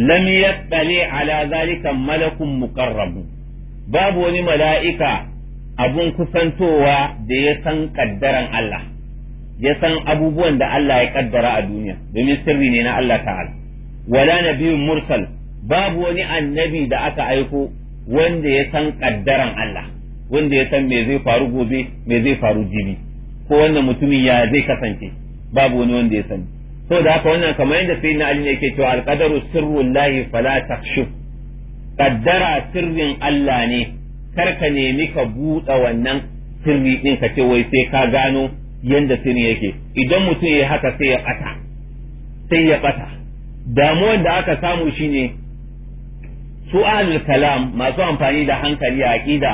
lam yattali ala zalika malakun muqarrabu babu wani mala'ika abun kusantowa da ya san kaddaran Allah ya san abubuwan da Allah ya kaddara a duniya domin sirri ne na Allah ta'ala wala nabiyyun mursal babu wani annabi da aka aiko wanda ya san kaddaran Allah wanda ya san me zai faru gobe me zai faru jibi ko wannan mutumin ya zai kasance babu wani wanda ya sani da haka wannan kamar yadda sai na Ali ne yake cewa alqadaru sirrullahi fala takshu kaddara sirrin Allah ne karka nemi ka buɗe wannan sirri din ka ce wai sai ka gano yanda sini yake idan mutum ya haka sai ya bata sai ya bata damuwar da aka samu shine su ahlul kalam masu amfani da hankali a aqida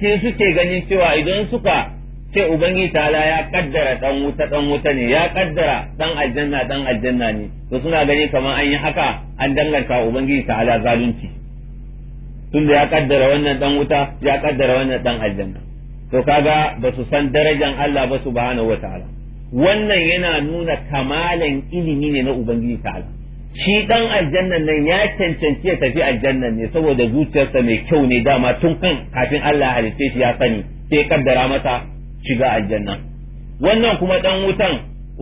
sai suke ganin cewa idan suka ce ubangi ta'ala ya kaddara dan wuta dan wuta ne ya kaddara dan aljanna dan aljanna ne to suna gani kamar an yi haka an danganta ubangi ta'ala zalunci tunda ya kaddara wannan dan wuta ya kaddara wannan dan aljanna to kaga ba su san darajan Allah ba subhanahu ta'ala wannan yana nuna kamalan ilimi ne na ubangiji ta'ala shi dan aljannan nan ya cancanci ya tafi aljannan ne saboda zuciyarsa mai kyau ne dama tun kan kafin Allah ya halitte shi ya sani sai kaddara mata shiga aljanna wannan kuma dan wutan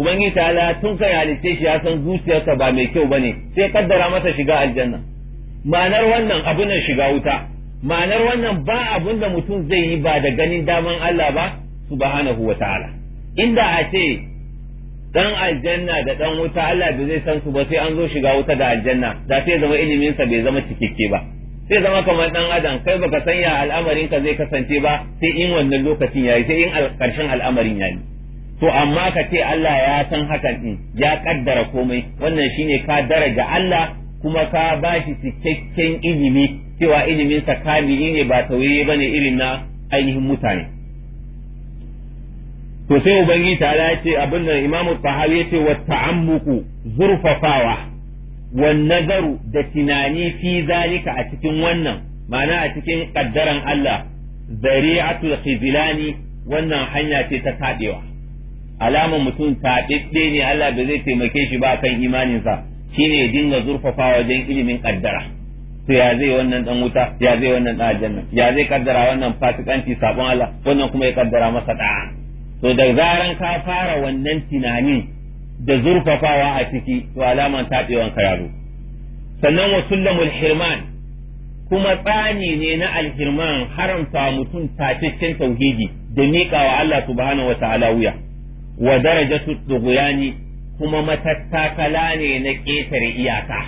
ubangiji ta'ala tun kan halitte shi ya san zuciyarsa ba mai kyau bane sai kaddara mata shiga aljanna ma'anar wannan abu shiga wuta ma'anar wannan ba abun da mutum zai yi ba da ganin daman Allah ba subhanahu wa ta'ala inda a ce dan aljanna da dan wuta Allah bai zai san su ba sai an zo shiga wuta da aljanna da sai zama ilimin sa bai zama cikakke ba sai zama kamar dan adam kai baka san ya al'amarin ka zai kasance ba sai in wannan lokacin yayi sai in karshen al'amarin yayi to amma ka ce Allah ya san hakan din ya kaddara komai wannan shine ka daraja Allah kuma ka ba shi cikakken ilimi cewa ilimin kamili ne ba tauye ba ne irin na ainihin mutane to sai ubangiji ta ya ce abin da imamu tahawi ya ce wa ta'ammuku zurfafawa wa nazaru da tunani fi zalika a cikin wannan ma'ana a cikin kaddaran Allah zari'atul khizlani wannan hanya ce ta kaɗewa. alaman mutum taɗaɗɗe ne Allah ba zai taimake shi ba kan imaninsa shine ya dinga zurfafa wajen ilimin kaddara to ya zai wannan dan wuta ya zai wannan dan aljanna ya zai kaddara wannan fasikanci sabon Allah wannan kuma ya kaddara masa da to da zaran ka fara wannan tunanin da zurfafawa a ciki to alama ta tsewan ka yaro sannan wa sullamul hirman kuma tsani ne na alhirman haramta mutum tataccen tauhidi da miƙawa Allah subhanahu wa ta'ala wuya wa darajatu tughyani kuma matattakala ne na ƙetare iyaka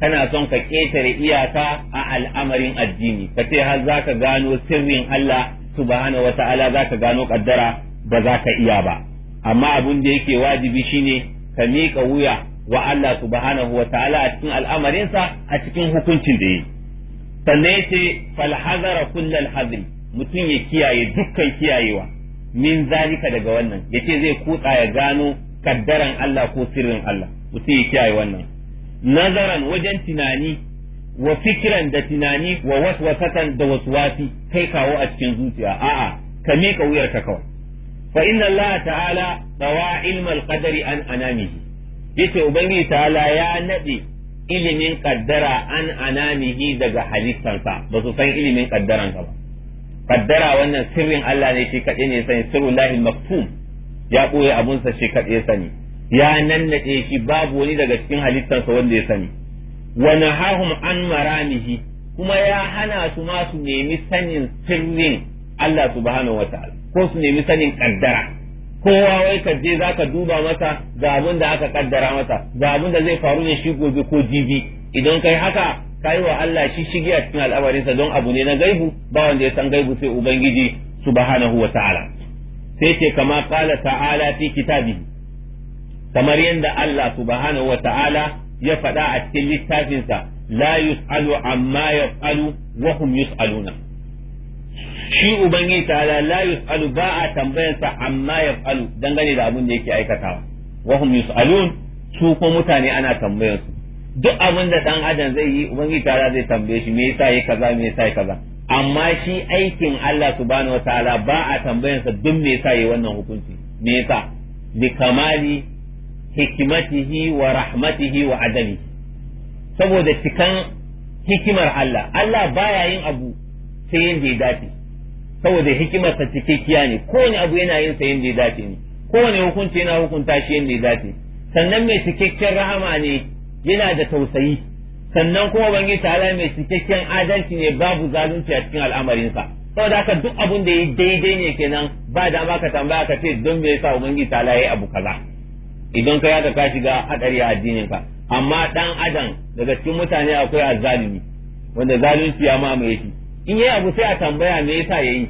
kana son ka ƙetare iyaka a al'amarin addini ka ce har za ka gano sirrin Allah subhanahu wa ta'ala za ka gano ƙaddara, ba za ka iya ba amma abin da yake wajibi shine ka miƙa wuya wa Allah subhanahu wa ta'ala a cikin al'amarinsa a cikin hukuncin da yi sannan ya ce falhazara kullal hazri mutum ya kiyaye dukkan kiyayewa min zalika daga wannan Ya ce zai kutsa ya gano kaddaran Allah ko sirrin Allah mutum ya kiyaye wannan nazaran wajen tunani wa fikiran da tunani wa waswasatan da waswasi kai kawo a cikin zuciya a'a ka miƙa wuyar ka kawai fa inna Allah ta'ala dawa ilmal qadari an anamihi yace ubangiji ta'ala ya nade ilimin kaddara an anamihi daga halittansa ba su san ilimin kaddaran ka ba kaddara wannan sirrin Allah ne shi kaɗai ne sai sirrullahil maktum ya ɓoye abunsa shi kaɗai ya sani ya nannaɗe shi babu wani daga cikin halittarsa wanda ya sani wa hahun an maramihi kuma ya hana su ma su nemi sanin sirrin Allah subhanahu wataala ko su nemi sanin kaddara kowa wai ka je zaka duba masa ga abin da aka kaddara masa ga abin da zai faru ne shi gobe ko jibi idan kai haka kai wa Allah shi shige a cikin al'amarinsa don abu ne na gaibu ba wanda ya san gaibu sai ubangiji subhanahu wataala sai ce kama kala ta'ala fi kitabi kamar yadda Allah subhanahu wa ta'ala ya faɗa a cikin littafinsa la yus'alu amma yas'alu wa hum yus'aluna shi ubangi ta'ala la yus'alu ba a tambayansa amma yas'alu dangane da abin da yake aikatawa wa hum yus'alun su ko mutane ana tambayansu duk abin da dan adam zai yi ubangi ta'ala zai tambaye shi me yasa yayi kaza me yasa yayi kaza amma shi aikin Allah subhanahu ta'ala ba a tambayansa duk me yasa yayi wannan hukunci me yasa li kamali hikmatihi wa rahmatihi wa adami saboda cikan hikimar Allah Allah baya yin abu sai yin ya dace saboda hikimarsa cikakkiya ne kowane abu yana yin sai yin ya dace ne kowane hukunci yana hukunta shi yin ya dace sannan mai cikakken rahama ne yana da tausayi sannan kuma ban yi ta'ala mai cikakken adalci ne babu zalunci a cikin al'amarinsa saboda haka duk abin da yi daidai ne kenan ba da ma ka tambaya ka ce don me yasa ubangiji ta'ala yayi abu kaza idan ka yaka ka shiga hadari a addinin ka amma dan adam daga cikin mutane akwai azzalimi wanda zalunci ya mamaye shi in yayi abu sai a tambaya me yasa yayi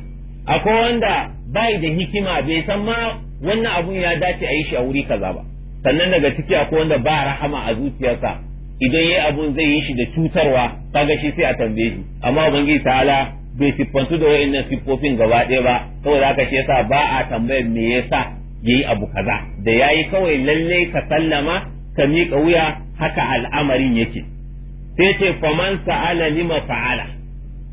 akwai wanda bai da hikima bai san ma wannan abun ya dace a yi shi a wuri kaza ba sannan daga ciki akwai wanda ba rahama a zuciyarsa idan yayi abun zai yi shi da cutarwa kaga shi sai a tambaye shi amma ubangiji ta'ala bai siffantu da wayannan siffofin gaba ɗaya ba saboda haka shi yasa ba a tambayar me yasa yayi abu kaza da yayi kawai lalle ka sallama ka miƙa wuya haka al'amarin yake sai ce faman sa'ala lima fa'ala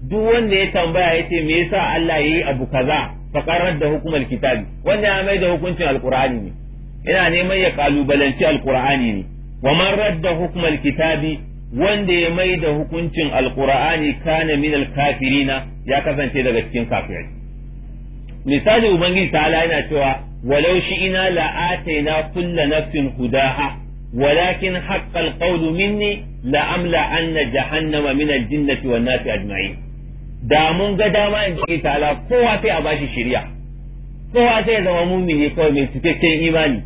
duk wanda ya tambaya yace me yasa Allah yayi abu kaza faqarar da hukumar kitabi wanda ya mai da hukuncin alqur'ani ne yana neman ya kalubalanci alqur'ani ne wa man radda hukmal kitabi wanda ya mai da hukuncin alqur'ani kana min alkafirina ya kasance daga cikin kafirai misali ubangiji ala yana cewa walau shi ina ataina kullu nafsin hudaha minni la jahannama anna jahannama min aljinnati wan nasi أجمعين da mun ga dama in ji ala kowa sai a bashi shari'a kowa sai zama mumini ko mai cikakken imani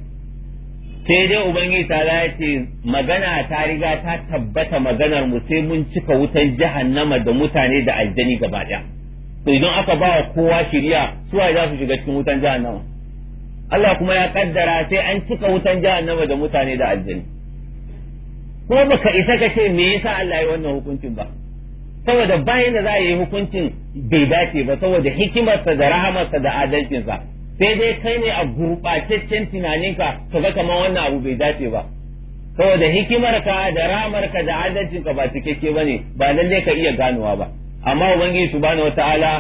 sai dai ubangiji ta ya ce magana ta riga ta tabbata maganar mu sai mun cika wutan jahannama da mutane da aljani gaba daya to idan aka ba wa kowa shiriya suwa za su shiga cikin wutan jahannama Allah kuma ya kaddara sai an cika wutan jahannama da mutane da aljani Ko baka isa ka me yasa Allah ya wannan hukuncin ba saboda bayan da za a yi hukuncin bai dace ba saboda hikimarsa da rahamarsa da adalcinsa sai dai kai ne a gurɓataccen tunaninka ka ga kamar wannan abu bai dace ba saboda hikimarka da ramarka da adalcinka ba cikakke bane ba lallai ka iya ganowa ba amma ubangiji subhanahu wataala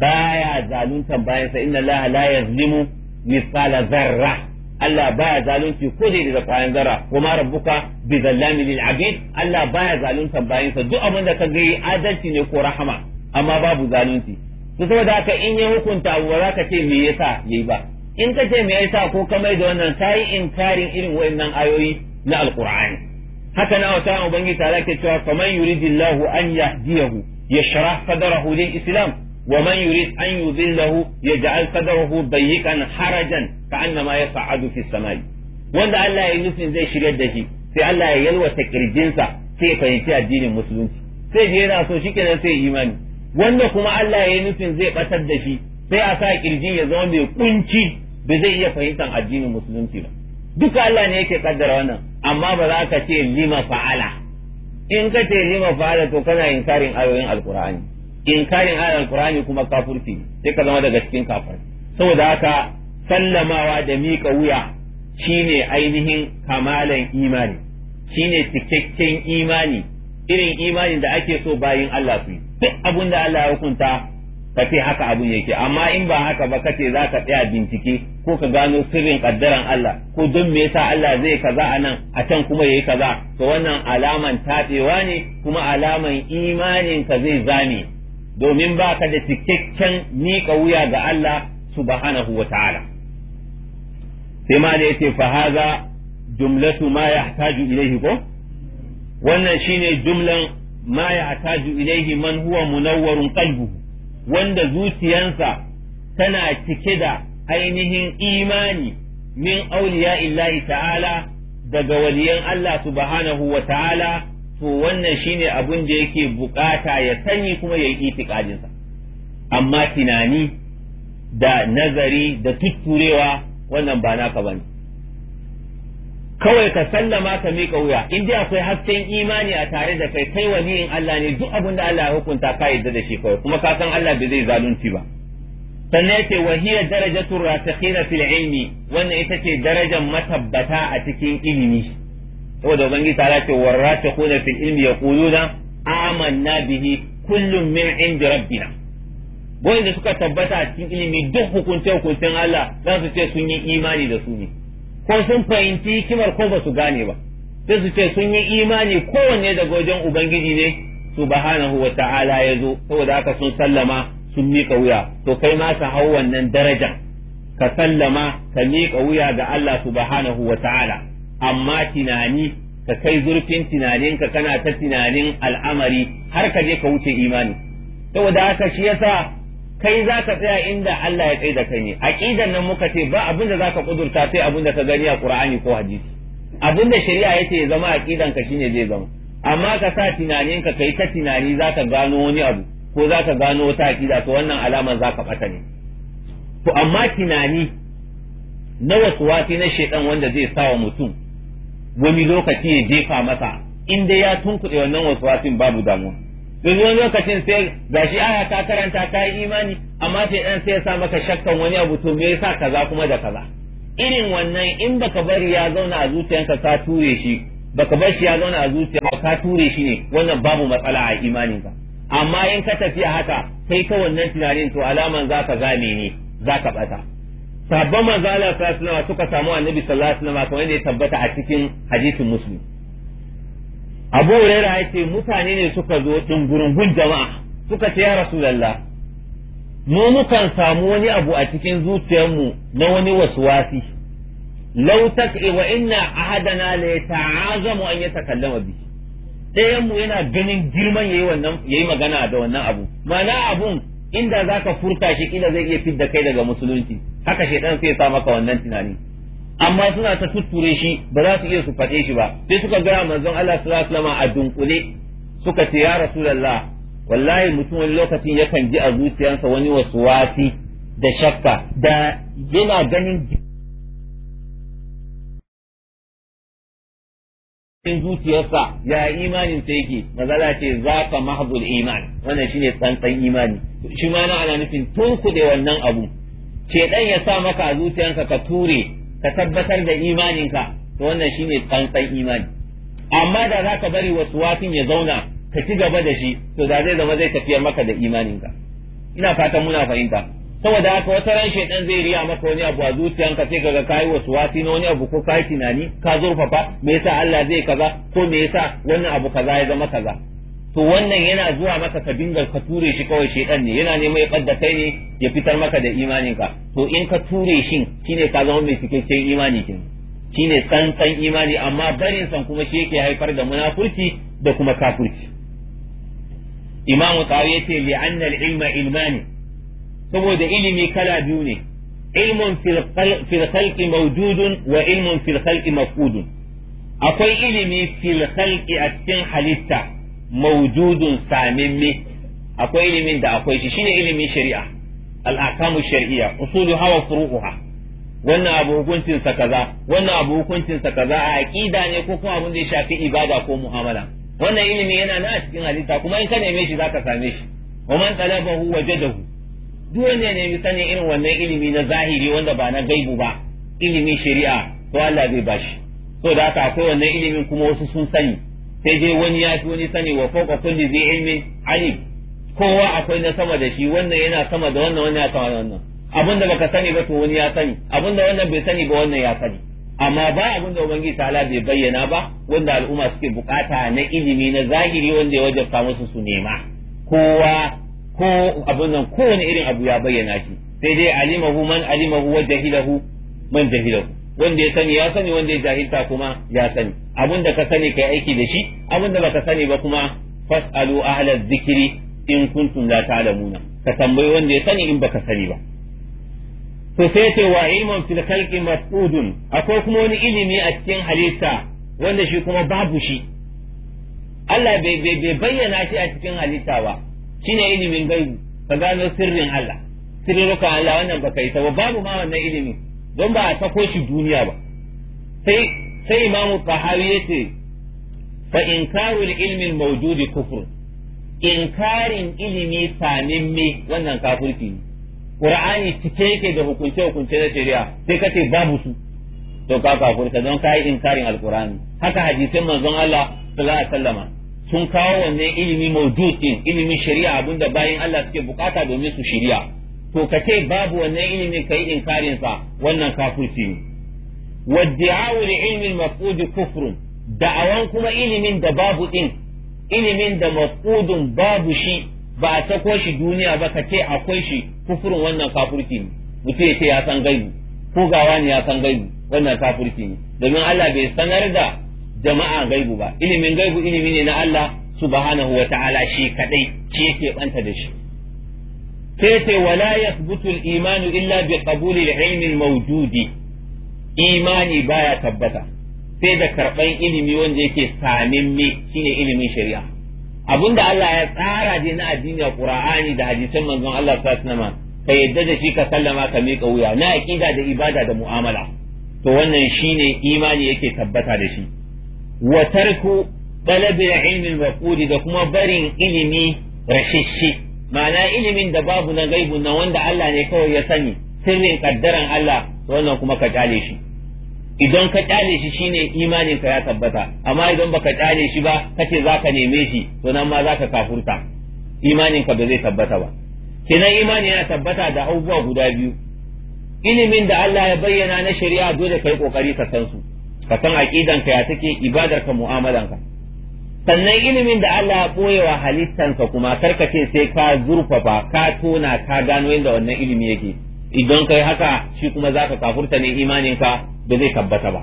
baya zaluntan bayan sa inna allaha la yazlimu misala zarra Allah baya zalunci ko dai da kayan zarra kuma rabbuka bi zallami lil abid Allah baya zaluntan bayan sa duk abin da ka ga adalci ne ko rahama amma babu zalunci to saboda haka in ya hukunta abu ba za ka ce me yasa yayi ba in ka ce me yasa ko ka mai da wannan sai yi inkarin irin wayannan ayoyi na alqur'ani haka na wata ubangiji ta ke cewa faman yuridillahu an yahdiyahu yashrah sadrahu lil islam wa man yurid an yudillahu yaj'al sadrahu dayyikan harajan ka annama yas'adu fi samai wanda Allah ya nufin zai shiryar da shi sai Allah ya yalwata kirjinsa sai ya fahimci addinin musulunci sai je yana so shikenan sai imani wanda kuma Allah ya yi nufin zai batar da shi sai a sa kirji ya zama mai kunci ba zai iya fahimtar addinin musulunci ba duka Allah ne yake kaddara wannan amma ba za ka ce lima fa'ala in ka ce lima fa'ala to kana inkarin ayoyin alkur'ani inkarin ayoyin alkur'ani kuma kafurci sai ka zama daga cikin kafir saboda haka sallamawa da miƙa wuya shine ainihin kamalan imani shine cikakken imani irin imani da ake so bayin Allah su yi duk abin da Allah ya hukunta ka ce haka abin yake amma in ba haka ba kace za ka tsaya bincike ko ka gano sirrin kaddaran Allah ko don me yasa Allah zai kaza a nan a can kuma yayi kaza to wannan alaman tabewa ne kuma alaman imanin ka zai zame domin ba ka da cikakken mika wuya ga Allah subhanahu wataala sai ma da yace fa haza jumlatu ma yahtaju ilayhi ko wannan shine jumlan ma ya idan ilaihi man huwa munawwarun qalbuhu wanda zuciyansa tana cike da ainihin imani min auliya illahi ta'ala daga waliyan Allah subhanahu wa ta'ala to wannan shine abun da yake buƙata ya sani kuma ya yi itikadinsa amma tunani da nazari da tutturewa wannan ba naka bane kawai ka sallama ka miƙa wuya in dai akwai hasken imani a tare da kai kai waliyin Allah ne duk abin da Allah ya hukunta ka yadda da shi kawai kuma ka san Allah bai zai zalunci ba sannan yace wa hiya darajatu rasikhina fil ilmi wannan ita ce darajar matabbata a cikin ilimi saboda ubangiji ta ce ya fil ilmi yaquluna amanna bihi kullum min indi rabbina wanda suka tabbata a cikin ilimi duk hukunce hukuncen Allah za su ce sun yi imani da su ne ko sun fahimci hikimar ko ba su gane ba sai su ce sun yi imani kowanne daga wajen ubangiji ne subhanahu wa ta'ala ya zo saboda haka sun sallama sun mika wuya to kai ma ka hau wannan daraja ka sallama ka mika wuya ga Allah subhanahu wa ta'ala amma tunani ka kai zurfin tunanin ka kana ta tunanin al'amari har ka je ka wuce imani saboda haka shi yasa kai za ka tsaya inda Allah ya tsaye da kai ne aqidan nan muka ce ba abin da zaka kudurta sai abin da ka gani a Qur'ani ko hadisi abin da shari'a yace ya zama aqidan ka shine zai zama amma ka sa tunanin ka kai ta tunani zaka gano wani abu ko zaka gano wata aqida to wannan alaman zaka bata ne to amma tunani na wasuwasi na shedan wanda zai sa wa mutum wani lokaci ya jefa masa in dai ya tunkuɗe wannan wasin babu damuwa yanzu wani lokacin sai gashi aya ta karanta ta yi imani amma sai dan sai ya sa maka shakkan wani abu to me yasa kaza kuma da kaza irin wannan in baka bari ya zauna a zuciyanka ka ture shi baka bar shi ya zauna a zuciya ka ture shi ne wannan babu matsala a imaninka amma in ka tafi haka kai ka wannan tunanin to alaman za zaka gane ne za ka bata sabon manzala sallallahu alaihi suka samu annabi sallallahu alaihi wasallam kamar yadda ya tabbata a cikin hadisin muslim abu huraira ya ce mutane ne suka zo ɗin jama'a suka ce ya rasulallah mu mukan samu wani abu a cikin zuciyarmu na wani wasuwasi law tak'i wa inna ahadana la yata'azamu an yatakallama bi dayan mu yana ganin girman yayi wannan magana da wannan abu mana abun inda zaka furta shi kila zai iya fidda kai daga musulunci haka shedan sai ya sa maka wannan tunani amma suna ta tutture shi ba za su iya su faɗe shi ba sai suka gaya manzon Allah sallallahu alaihi wasallam a dunkule suka ce ya rasulullah wallahi mutum wani lokacin yakan ji a zuciyarsa wani wasuwasi da shakka da yana ganin in zuciyarsa ya imanin sa yake mazala ce za ka mahzul iman wannan shine tsantsan imani shi ma na ana nufin tunkuɗe wannan abu dan ya sa maka a zuciyarsa ka ture ka tabbatar da imaninka to wannan shine tsantsan imani amma da za ka bari wasu wafin ya zauna ka ci gaba da shi to da zai zama zai tafiyar maka da imaninka ina fatan muna fahimta saboda haka wata ran ɗan zai riya maka wani abu a zuciyanka sai kaga kai wasu wasi na wani abu ko kai tunani ka zurfafa me yasa Allah zai kaza ko me yasa wannan abu kaza ya zama kaza to wannan yana zuwa maka ka dinga ka ture shi kawai shedan ne yana neman ya fadda kai ne ya fitar maka da imaninka to in ka ture shi shine ka zama mai cikakken imani kin shine tsantsan imani amma barin san kuma shi yake haifar da munafurci da kuma kafurci. imamu qawi yace li anna al-ilma ilmani saboda ilimi kala biyu ne ilmun fil khalqi mawjudun wa ilmun fil khalqi mafqudun akwai ilimi fil khalqi a cikin halitta mawjudun samimme akwai ilimin da akwai shi shine ilimin shari'a al shari'a, shar'iyya usulu hawa furu'uha wannan abu hukuncin sa kaza wannan abu hukuncin sa kaza a aqida ne ko kuma abin da ya shafi ibada ko mu'amala wannan ilimi yana nan cikin hadisa kuma in ka neme shi zaka same shi wa man talabahu wajadahu duk wanda ya nemi sanin irin wannan ilimi na zahiri wanda ba na gaibu ba ilimin shari'a to Allah zai bashi so da haka akwai wannan ilimin kuma wasu sun sani sai dai wani ya fi wani sani wa fauka kulli zai ilmi ali kowa akwai na sama da shi wannan yana sama da wannan wannan ya sama da wannan abin da baka sani ba to wani ya sani abin da wannan bai sani ba wannan ya sani amma ba abin da ubangiji ta'ala bai bayyana ba wanda al'umma suke bukata na ilimi na zahiri wanda ya wajabta musu su nema kowa ko abin nan kowane irin abu ya bayyana shi sai dai alimahu man alimahu wa jahilahu man jahilahu wanda ya sani ya sani wanda ya jahilta kuma ya sani abin da ka sani kai aiki da shi abin da baka sani ba kuma fasalu ahlaz zikiri in kuntum la ta'lamuna ka tambayi wanda ya sani in baka sani ba to sai ce wa ilmun fil khalqi mafqudun akwai kuma wani ilimi a cikin halitta wanda shi kuma babu shi Allah bai bai bayyana shi a cikin halitta ba shine ilimin gaibi ka gano sirrin Allah sirrukan Allah wannan baka yi ta babu ma wannan ilimi don ba a sako shi duniya ba sai sai imamu tahawi yace fa inkarul ilmi mawjudi kufur. inkarin ilimi me wannan kafirci ne qur'ani cike yake da hukunce hukunce na shari'a sai kace babu su to ka kafirta don kai inkarin alqur'ani haka hadisin manzon Allah sallallahu alaihi wasallam sun kawo wannan ilimi mawjud din ilimin shari'a abinda bayin Allah suke bukata domin su shari'a to ka ce babu wannan ilimin ka yi inkarin sa wannan kafirci ne wadda'u li ilmin mafqud kufrun da'awan kuma ilimin da babu din ilimin da mafqudun babu shi ba a sako shi duniya ba ka ce akwai shi kufurin wannan kafirci ne mutum ya ce ya san gaibu ko gawa ne ya san wannan kafirci ne domin Allah bai sanar da jama'a gaibu ba ilimin gaibu ilimi ne na Allah subhanahu wa ta'ala shi kaɗai, shi yake banta da shi sai ce wala yathbutu al-imanu illa bi qabuli al-ilmi al-mawjudi imani baya tabbata sai da karban ilimi wanda yake samin me shine ilimin shari'a abinda Allah ya tsara je na addini a Qur'ani da hadisan manzon Allah sallallahu alaihi wasallam ka yadda da shi ka sallama ka miƙa wuya na aqida da ibada da mu'amala to wannan shine imani yake tabbata da shi wa tarku talabil ilmi al da kuma barin ilimi rashishi ma'ana ilimin da babu na gaibu na wanda Allah ne kawai ya sani sirrin kaddaran Allah wannan kuma ka kyale shi idan ka kyale shi shine imanin ka ya tabbata amma idan baka kyale shi ba kace zaka neme shi to nan ma zaka kafurta imanin ka ba zai tabbata ba kenan imani yana tabbata da abubuwa guda biyu ilimin da Allah ya bayyana na shari'a dole kai kokari ka san su ka san aqidan ka ya take ibadar ka mu'amalan ka sannan ilimin da Allah ya wa halittansa kuma karkace sai ka zurfafa ka tona ka gano yadda wannan ilimi yake idan kai haka shi kuma za zaka kafurta ne imaninka ba zai tabbata ba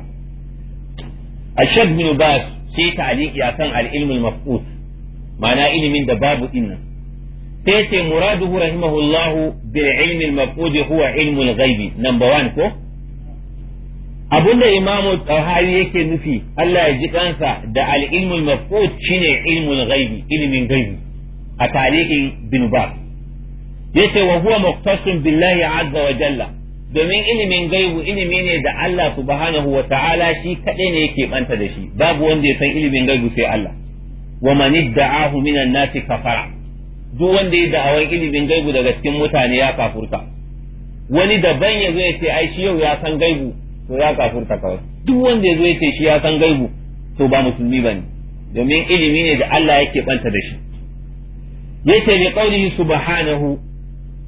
Ashad bin Bas sai ta'aliki akan al-ilmul mafqut ma'ana ilimin da babu dinnan sai ce muraduhu rahimahullahu bil ilmi al huwa ilmul gaibi number 1 ko Imam imamu tsahari yake nufi Allah ya ji kansa da al'ilmul mafqud shine ilmul ghaibi ilmin ghaibi a tarihin bin Baz yace wa huwa muqtasim billahi azza wa jalla domin ilimin gaibu ilimi ne da Allah subhanahu wa ta'ala shi kaɗai ne yake banta da shi babu wanda ya san ilimin gaibu sai Allah wa man idda'ahu minan nasi kafara duk wanda ya da'awan ilimin gaibu daga cikin mutane ya kafurta wani daban ya zo ya ce ai shi yau ya san gaibu to ya kafurta kawai duk wanda ya zo ya ce shi ya san gaibu to ba musulmi ba ne domin ilimi ne da Allah yake banta da shi yace ne qawlihi subhanahu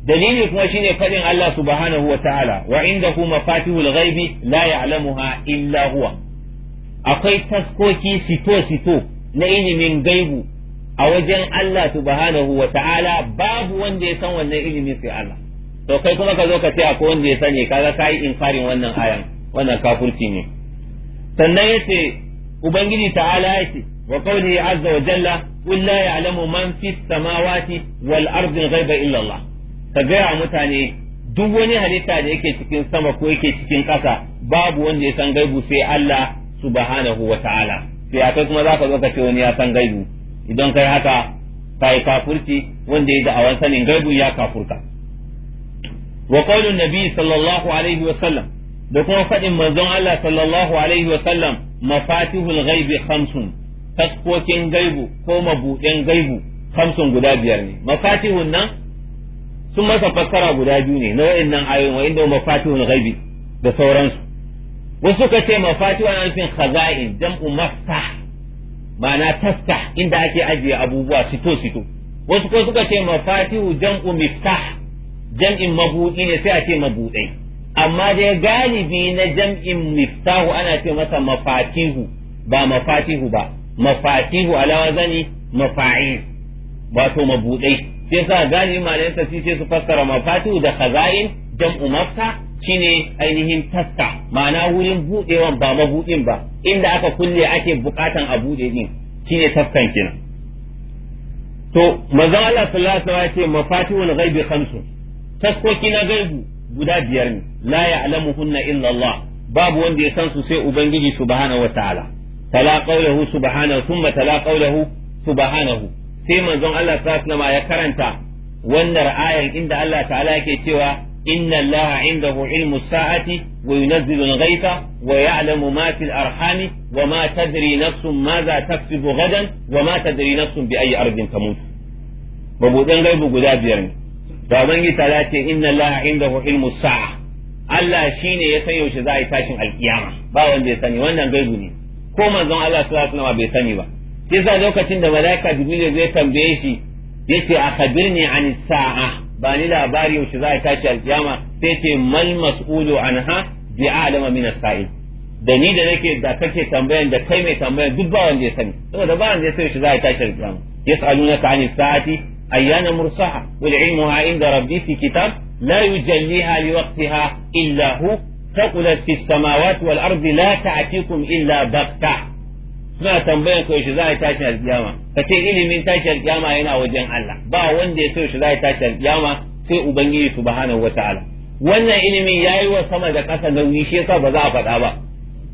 dalili kuma shine fadin Allah subhanahu wa ta'ala wa indahu mafatihul ghaibi la ya'lamuha illa huwa akwai taskoki sito sito na ilimin gaibu a wajen Allah subhanahu wa ta'ala babu wanda ya san wannan ilimin sai Allah to kai kuma ka zo ka ce akwai wanda ya sani kaga kai inkarin wannan ayan wannan kafurci ne sannan yace ubangiji ta'ala yace wa ya azza wa jalla qul la ya'lamu man fi samawati wal ardi ghaiba illa Allah ka gaya mutane duk wani halitta da yake cikin sama ko yake cikin ƙasa babu wanda ya san gaibu sai Allah subhanahu wa ta'ala sai akai kuma zaka zo ka ce wani ya san gaibu idan kai haka kai kafurci wanda ya da awan sanin gaibu ya kafurka wa qaulun nabi sallallahu alaihi wa sallam da kuma faɗin manzon Allah sallallahu alaihi wa sallam mafatihul ghaibi khamsun taskokin gaibu ko mabuɗin gaibu khamsun guda biyar ne mafatihun nan sun masa fassara guda biyu ne na wa'annan ayoyin wa inda mafatihul ghaibi da sauransu wasu ka ce mafatihun an khaza'in jam'u maftah ma'ana taftah inda ake ajiye abubuwa sito sito wasu ko suka ce mafatihu jam'u miftah jam'in mabudi ne sai a ce mabudai amma dai galibi na jam'in miftahu ana ce masa mafatihu ba mafatihu ba mafatihu alawa zani mafa'il wato mabudai sai sa galibi malayan tafsir sai su fassara mafatihu da khaza'in jam'u mafta shine ainihin taska ma'ana wurin budewan ba mabudin ba inda aka kulle ake bukatan a bude din shine taskan kenan to manzo Allah sallallahu alaihi wasallam ya ce mafatihul ghaibi khamsun taskoki na gaibu guda biyar ne la ya'lamuhunna illa Allah babu wanda ya san su sai ubangiji subhanahu wataala tala qawluhu subhanahu thumma tala qawluhu subhanahu sai manzon Allah sallallahu ya karanta wannan ayar inda Allah ta'ala yake cewa inna Allah indahu ilmu sa'ati wa yunazzilu al-ghaytha wa ya'lamu ma fil arhami wa ma tadri nafsun ma za gadan wa ma tadri nafsun bi ardin tamut babu dan gaibu guda biyar ne da ubangiji ta dace inna allaha indahu ilmu sa'a Allah shine ya san yaushe za a yi tashin alkiyama ba wanda ya sani wannan gaibu ne ko manzon Allah sallallahu alaihi wasallam bai sani ba sai sa lokacin da malaika jibril zai tambaye shi yace akhbirni an sa'a ba ni labari yaushe za a yi tashi alkiyama sai ce mal mas'ulu anha bi alama min as-sa'il da ni da nake da kake tambayan da kai mai tambayan duk ba wanda ya sani saboda ba wanda ya sani yaushe za a yi tashin alkiyama yas'alunaka an sa'ati أيان مرساها والعلمها عند ربي في كتاب لا يجليها لوقتها إلا هو ثقلت في السماوات والأرض لا تأتيكم إلا بغتة suna tambayan ko yaushe za a tashi alkiyama ka ce ilimin tashi alkiyama yana wajen Allah ba wanda ya so yaushe za a tashi alkiyama sai ubangiji subhanahu wataala wannan ilimin yayi wa sama da ƙasa nauyi shi yasa ba za a faɗa ba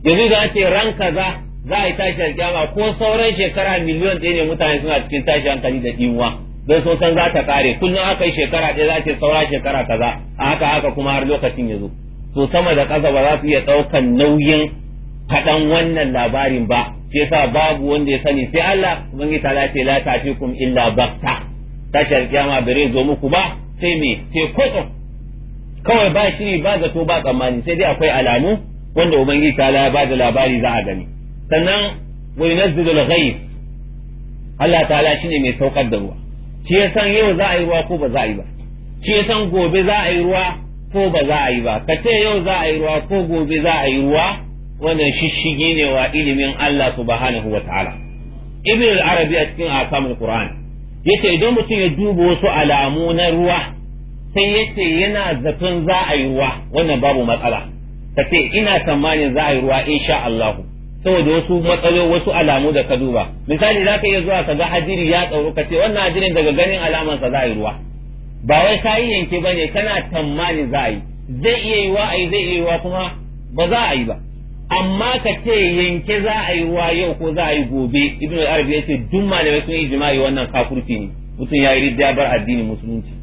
yanzu za ce ran kaza za a yi tashi alkiyama ko sauran shekara miliyon ɗaya ne mutane suna cikin tashi hankali da ɗimuwa don so san za ta kare kullum aka yi shekara ɗaya za saura shekara kaza a haka haka kuma har lokacin ya zo to sama da ƙasa ba za su iya ɗaukan nauyin kaɗan wannan labarin ba shi sa babu wanda ya sani sai Allah ubangiji ta ce la tafikum illa bakta tashar kiyama bare zo muku ba sai me sai kwatsam kawai ba shiri ba zato ba tsammani sai dai akwai alamu wanda ubangiji ta la ba da labari za a gani sannan wa yunazzilu al Allah ta'ala shine mai saukar da ruwa shi ya san yau za a yi ruwa ko ba za a yi ba shi ya san gobe za a yi ruwa ko ba za a yi ba ka ce yau za a yi ruwa ko gobe za a yi ruwa wannan shishigi ne wa ilimin Allah subhanahu wa ta'ala ibn al-arabi a cikin akamul qur'an yace idan mutum ya duba wasu alamu na ruwa sai yace yana zaton za a yi ruwa wannan babu matsala ka ce ina tsammanin za a yi ruwa insha Allahu. saboda wasu matsalo wasu alamu da ka duba misali zaka iya zuwa ka ga hajiri ya tsaro ka ce wannan hajirin daga ganin alaman sa za a yi ruwa ba wai ka yi yanke bane kana tammani za a yi zai iya yi wa ai zai iya yi wa kuma ba za a yi ba amma ka ce yanke za a yi wa yau ko za a yi gobe ibnu arabi ya ce duk malamai sun yi jima'i wannan kafurci ne mutum ya yi ridda bar addinin musulunci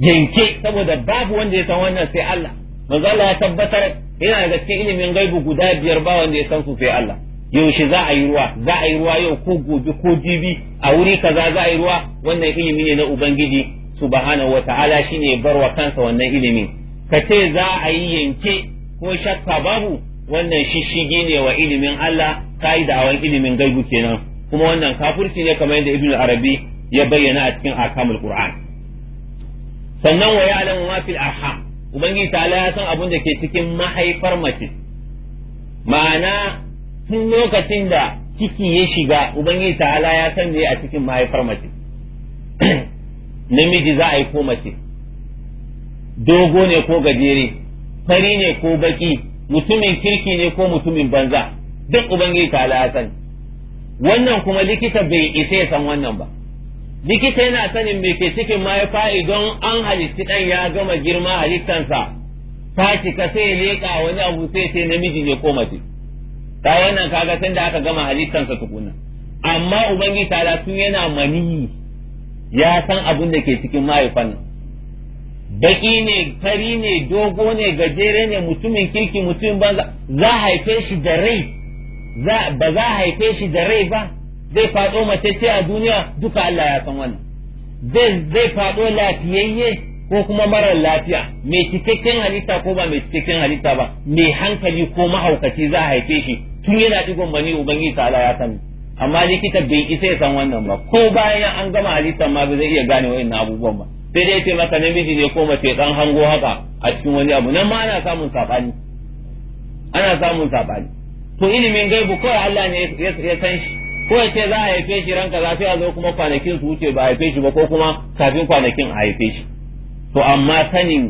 yanke saboda babu wanda ya san wannan sai Allah manzo ya tabbatar yana daga cikin ilimin gaibu guda biyar ba wanda ya san su sai Allah yaushe za a yi ruwa za a yi ruwa yau ko gobe ko jibi a wuri kaza za a yi ruwa wannan ilimi ne na ubangiji subhanahu wataala shine barwa kansa wannan ilimi ka ce za a yi yanke ko shakka babu wannan shishigi ne wa ilimin Allah kai da awan ilimin gaibu kenan kuma wannan kafirci ne kamar yadda ibnu arabi ya bayyana a cikin akamul qur'an sannan wa ya'lamu ma fil arham ubangiji ta ya san abun da ke cikin mahaifar mace ma'ana tun lokacin da ciki ya shiga ubangiji ta ya san ne a cikin mahaifar mace namiji za a yi ko mace dogo ne ko gajere fari ne ko baki mutumin kirki ne ko mutumin banza duk ubangiji ta ya san wannan kuma likita bai isa ya san wannan ba likita yana sanin me ke cikin mahaifa idan an halitti ɗan ya gama girma halittansa ta cika sai leƙa wani abu sai sai namiji ne ko mace ta wannan kaga tun da aka gama halittansa tukuna amma ubangi ta tun yana mani ya san abun da ke cikin mahaifan baki ne fari ne dogo ne gajere ne mutumin kirki mutumin banza za haife shi da rai ba za haife shi da rai ba zai faɗo mace ce a duniya duka Allah ya san wannan zai zai faɗo lafiyayye ko kuma mara lafiya mai cikakken halitta ko ba mai cikakken halitta ba mai hankali ko mahaukaci za a haife shi tun yana digon bani ubangiji ta Allah ya san amma likita bai isa ya san wannan ba ko bayan an gama halittar ma ba zai iya gane wa'annan abubuwan ba sai dai ce maka namiji ne ko mace dan hango haka a cikin wani abu nan ma ana samun sabani ana samun sabani to ilimin gaibu kawai Allah ne ya san shi ko ya za a haife shi ranka za sai a zo kuma kwanakin su wuce ba a haife shi ba ko kuma kafin kwanakin a haife shi to amma sanin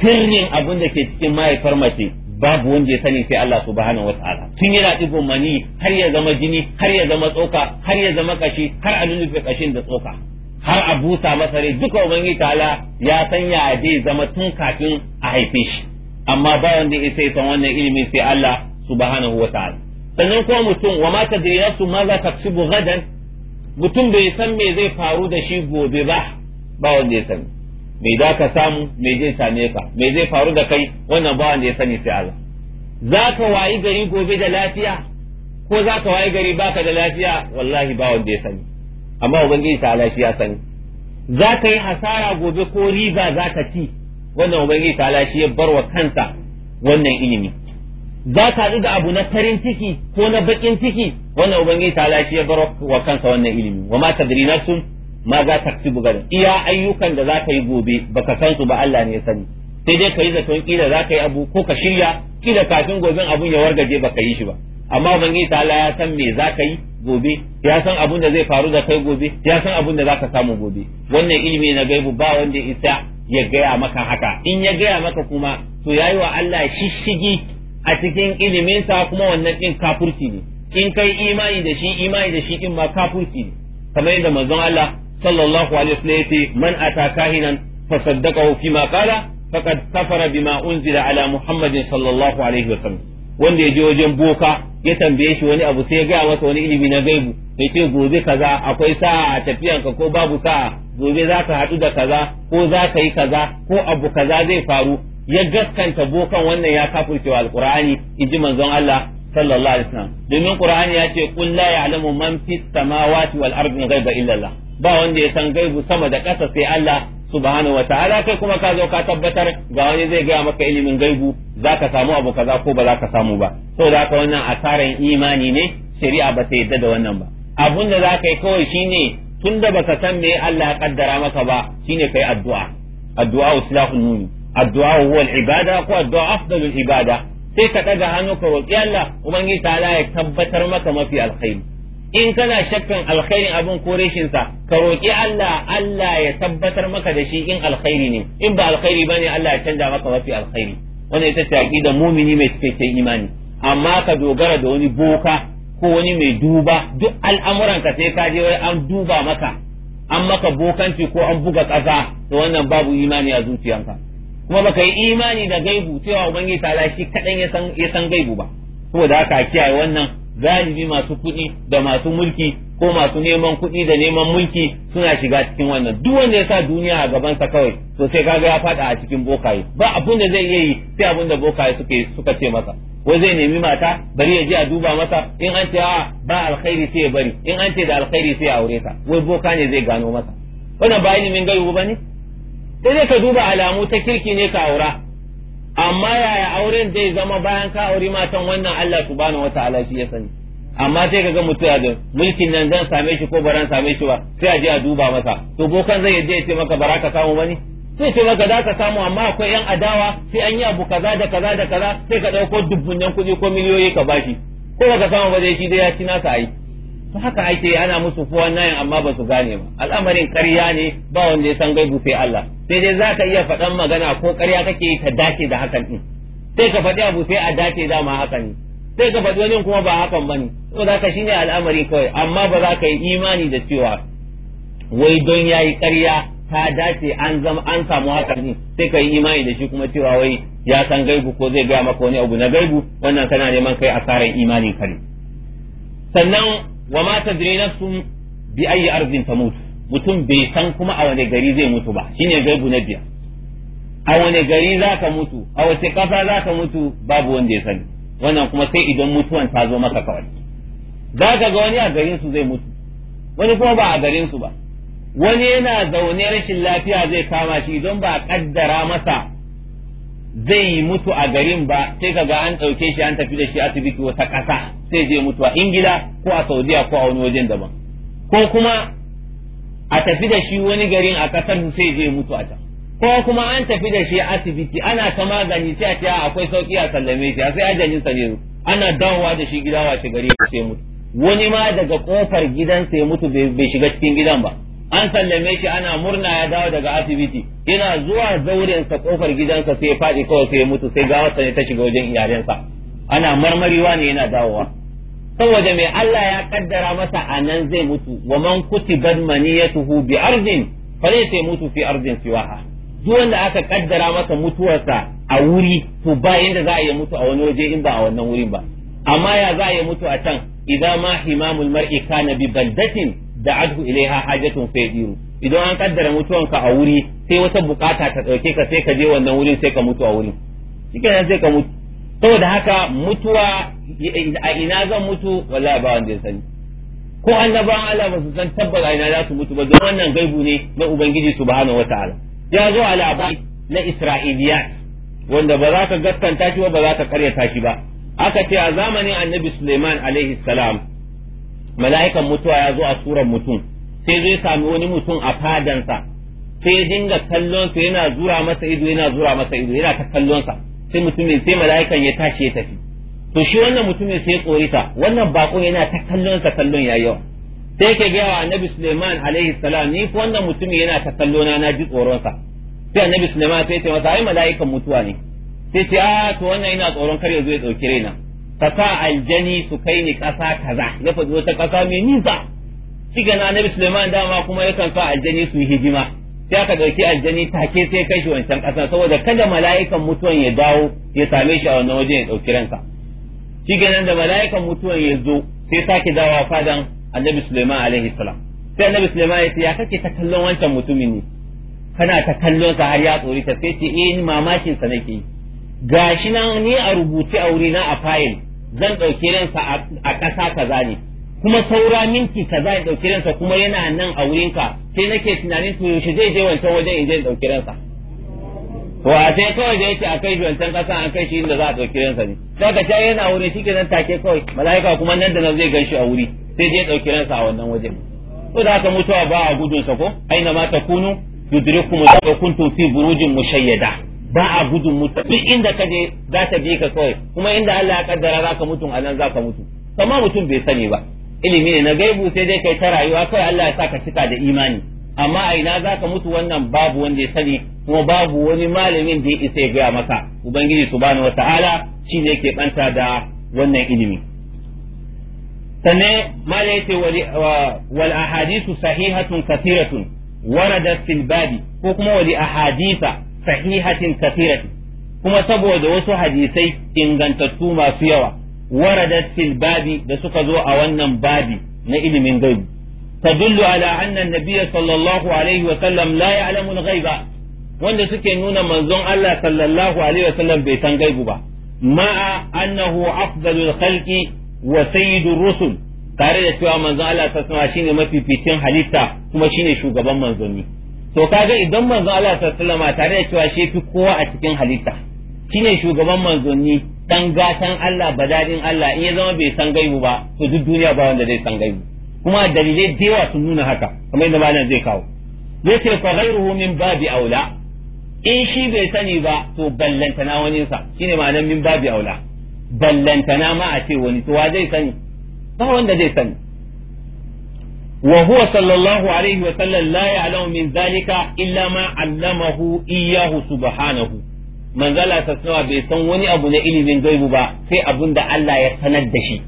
sirrin abin da ke cikin mahaifar mace babu wanda ya sani sai Allah subhanahu wataala tun yana ɗigon mani har ya zama jini har ya zama tsoka har ya zama kashi har a lullufe kashin da tsoka har a busa masa rai duka ubangiji ta'ala ya sanya a zai zama tun kafin a haife shi amma ba wanda ya sai san wannan ilimin sai Allah subhanahu wataala sannan kuma mutum wa mata da yasu ma za ta cibu gadan mutum bai san me zai faru da shi gobe ba ba wanda ya sani me za ka samu me zai same ka me zai faru da kai wannan ba wanda ya sani sai Allah za ka wayi gari gobe da lafiya ko za ka wayi gari baka da lafiya wallahi ba wanda ya sani amma ubangiji ta Allah shi ya sani za ka yi hasara gobe ko riba za ka ci wannan ubangiji ta Allah shi ya bar wa kanta wannan ilimi za ka da abu na farin ciki ko na baƙin ciki wannan ubangiji ta lashi ya baro wa kansa wannan ilimi wa ma tadri nafsun ma za ta iya ayyukan da za ka yi gobe baka san su ba Allah ne ya sani sai dai ka yi zaton kila za ka yi abu ko ka shirya kila kafin goben abun ya wargaje ba ka yi shi ba amma ubangiji ta ya san me za ka yi gobe ya san abun da zai faru da kai gobe ya san abun da za ka samu gobe wannan ilimi na gaibu ba wanda isa ya gaya maka haka in ya gaya maka kuma to yayi wa Allah shishigi a cikin iliminsa kuma wannan din kafurci ne in kai imani da shi imani da shi din ma kafurci ne kamar yadda manzon Allah sallallahu alaihi wasallam yace man ata kahinan fa saddaqahu ma qala faqad kafara bima unzila ala muhammadin sallallahu alaihi wasallam wanda yaje wajen boka ya tambaye shi wani abu sai ya gaya masa wani ilimi na gaibu ya ce gobe kaza akwai sa'a a tafiyanka ko babu sa'a gobe za ka haɗu da kaza ko za ka yi kaza ko abu kaza zai faru ya gaskanta bokan wannan ya wa alqur'ani inji manzon Allah sallallahu alaihi wasallam domin qur'ani ya ce qul la ya'lamu man fis samawati wal ardi ghaiba illa Allah ba wanda ya san gaibu sama da ƙasa sai Allah subhanahu wataala kai kuma ka zo ka tabbatar ga wani zai gaya maka ilimin gaibu zaka samu abu kaza ko ba zaka samu ba da haka wannan asaran imani ne shari'a ba ta yadda da wannan ba abun da ka yi kawai shine tunda baka san me Allah ya kaddara maka ba shine kai addu'a addu'a silahun nuni addu'a huwa al-ibada ko addu'a afdalul ibada sai ka daga hannu ka roki Allah ubangiji ta ya tabbatar maka mafi alkhairi in kana shakkan alkhairin abin ko sa ka roƙi Allah Allah ya tabbatar maka da shi in alkhairi ne in ba alkhairi bane Allah ya canja maka mafi alkhairi wannan ita ce aqida mumini mai cikakken imani amma ka dogara da wani boka ko wani mai duba duk al'amuran ka sai ka je wai an duba maka an maka bokanci ko an buga ƙasa to wannan babu imani a zuciyanka kuma baka yi imani da gaibu cewa ubangiji ta shi kadan ya san ya san gaibu ba saboda haka kiyaye wannan galibi masu kuɗi da masu mulki ko masu neman kuɗi da neman mulki suna shiga cikin wannan duk wanda ya sa duniya a gabansa kawai to sai kaga ya fada a cikin bokaye ba abun da zai iya yi sai abun da bokaye suke suka ce masa wai zai nemi mata bari ya je a duba masa in an ce a ba alkhairi sai ya bari in an ce da alkhairi sai ya aure ta wai boka ne zai gano masa wannan ba ilimin gaibu ba ne sai dai ka duba alamu ta kirki ne ka aura amma yaya auren zai zama bayan ka auri matan wannan Allah subhanahu wataala shi ya sani amma sai ka ga mutum ya mulkin nan zan same shi ko baran same shi ba sai a je a duba masa to bokan zai je ya ce maka bara ka samu bane sai ce maka za ka samu amma akwai yan adawa sai an yi abu kaza da kaza da kaza sai ka ɗauko dubbunyan kuɗi ko miliyoyi ka bashi ko baka samu ba dai shi dai ya ci nasa ai to haka ake ana musu fuwan nayin amma ba su gane ba al'amarin ƙarya ne ba wanda ya san gaibu sai Allah sai dai za ka iya faɗan magana ko ƙarya kake ka dace da hakan ɗin sai ka faɗi abu sai a dace ma hakan sai ka faɗi wani kuma ba hakan ba ne to za ka shi ne al'amari kawai amma ba za ka yi imani da cewa wai don ya yi ƙarya ta dace an zama an samu hakan ɗin sai ka yi imani da shi kuma cewa wai ya san gaibu ko zai gaya maka wani abu na gaibu wannan kana neman kai asarar imanin kare sannan wa ma tadri nafsun bi ayi ardin tamutu mutum bai san kuma a wane gari zai mutu ba shine gaibu na biyar a wane gari za ka mutu a wace ƙasa za ka mutu babu wanda ya sani wannan kuma sai idan mutuwan ta zo maka kawai za ka ga wani a garin su zai mutu wani kuma ba a garin su ba wani yana zaune rashin lafiya zai kama shi idan ba a kaddara masa zai yi mutu a garin ba sai ka ga an ɗauke shi an tafi da shi asibiti wata ƙasa sai zai mutu a ingila ko a saudiya ko a wani wajen daban ko kuma a tafi da shi wani garin a kasar sai zai mutu a can ko kuma an tafi da shi asibiti ana ta magani sai a akwai sauki a sallame shi sai ajalin sa ne ana dawowa da shi gida wace gari sai mutu wani ma daga kofar gidan sai mutu bai shiga cikin gidan ba an sallame shi ana murna ya dawo daga asibiti yana zuwa zaurensa kofar gidansa sai ya faɗi kawai sai mutu sai gawar ne ta shiga wajen iyalensa ana marmariwa ne yana dawowa saboda mai Allah ya kaddara masa a nan zai mutu wa man kutibat maniyatuhu bi ardin sai mutu fi ardin siwaha duk wanda aka kaddara masa mutuwarsa a wuri to ba inda za a yi mutu a wani waje in ba a wannan wurin ba amma ya za a yi mutu a can idan ma himamul mar'i kana bi baldatin adhu ilaiha hajatun faydiru idan an kaddara mutuwanka a wuri sai wata bukata ta dauke ka sai ka je wannan wurin sai ka mutu a wurin shikenan sai ka mutu saboda haka mutuwa a ina zan mutu wallahi ba wanda ya sani ko annabawan Allah ba su san tabbata ina za su mutu ba don wannan gaibu ne na ubangiji subhanahu wataala ya zo a labari na isra'iliyat wanda ba za ka gaskanta shi ba ba za ka karyata shi ba aka ce a zamanin annabi suleiman alaihi salam mala'ikan mutuwa ya zo a suran mutum sai zai sami wani mutum a fadansa sai ya dinga kallonsa yana zura masa ido yana zura masa ido yana ta kallon sa. sai mutumin sai mala'ikan ya tashi ya tafi to shi wannan mutumin sai ya tsorita wannan bakon yana ta kallon sa kallon yayi yawa sai yake ga wa annabi Suleiman alaihi salam ni ko wannan mutumin yana ta kallo na na ji tsoron sa sai annabi Suleiman sai ya ce masa ai mala'ikan mutuwa ne sai ce a ah, to wannan ina tsoron kar ya zo ya dauki raina ka sa aljani su kai ni kasa kaza ya faɗi ta kasa mai nisa shi ga na annabi Suleiman dama kuma yakan sa aljani su yi hijima sai aka ɗauki aljani take sai kai shi wancan ƙasa saboda kada mala'ikan mutuwan ya dawo ya same shi a wannan waje ya ɗauki ranka shi nan da mala'ikan mutuwan ya zo sai sake dawa fadan annabi Suleiman alaihi salam sai annabi Suleiman ya ce ya kake ta kallon wancan mutumin ne kana ta kallon sa har ya tsori ta sai ce eh ni mamakin sa nake gashi nan ni a rubuce a wuri na a fayil zan ɗauki ransa a ƙasa kaza ne kuma saura minti kaza ya dauki ransa kuma yana nan a wurinka sai nake tunanin to yaushe zai je wancan wajen in je in dauki ransa to a sai kawai da yake akai shi wancan kasa an kai shi inda za a dauki ransa ne sai ka ta yana wurin shi ke nan take kawai malaika kuma nan da nan zai gan shi a wuri sai je dauki ransa a wannan wajen to da haka mutuwa ba a gudun sa ko aina ma takunu yudrikum wa kuntum fi burujin mushayyada ba a gudun mutuwa duk inda ka je za ta bi ka kawai kuma inda Allah ya kaddara za ka mutu a nan za ka mutu kamar mutum bai sani ba ilimi ne na gaibu sai dai kai ta rayuwa kai Allah ya saka cika da imani amma a ina za ka mutu wannan babu wanda ya sani kuma babu wani malamin da ya isa ya gaya maka ubangiji subhanahu wataala ne yake banta da wannan ilimi sannan malai yace wal ahadithu sahihatun kathiratun waradat fil babi ko kuma wali ahaditha sahihatin kathiratun kuma saboda wasu hadisai ingantattu masu yawa waradat babi da suka zo a wannan babi na ilimin gaibi tadullu ala anna an-nabiy sallallahu alaihi wa sallam la ya'lamu al-ghaiba wanda suke nuna manzon Allah sallallahu alaihi wa sallam bai san gaibu ba ma'a annahu afdalul khalqi wa tare da cewa manzon Allah ta sama shine mafificin halitta kuma shine shugaban manzanni to kaga idan manzon Allah ta sallama tare da cewa shi fi kowa a cikin halitta shine shugaban manzanni dan gatan Allah dadin Allah in ya zama bai san gaibu ba to duk duniya ba wanda zai san gaibu kuma dalilai da yawa sun nuna haka kamar yadda malam zai kawo zai ce fa ghayruhu min babi aula in shi bai sani ba to ballantana wani sa shine ma'anar min babi aula ballantana ma a ce wani to wa zai sani ba wanda zai sani wa huwa sallallahu alaihi wa sallam la ya'lamu min zalika illa ma allamahu iyyahu subhanahu manzala sassawa bai san wani abu na ilimin gaibu ba sai abun da Allah ya sanar da shi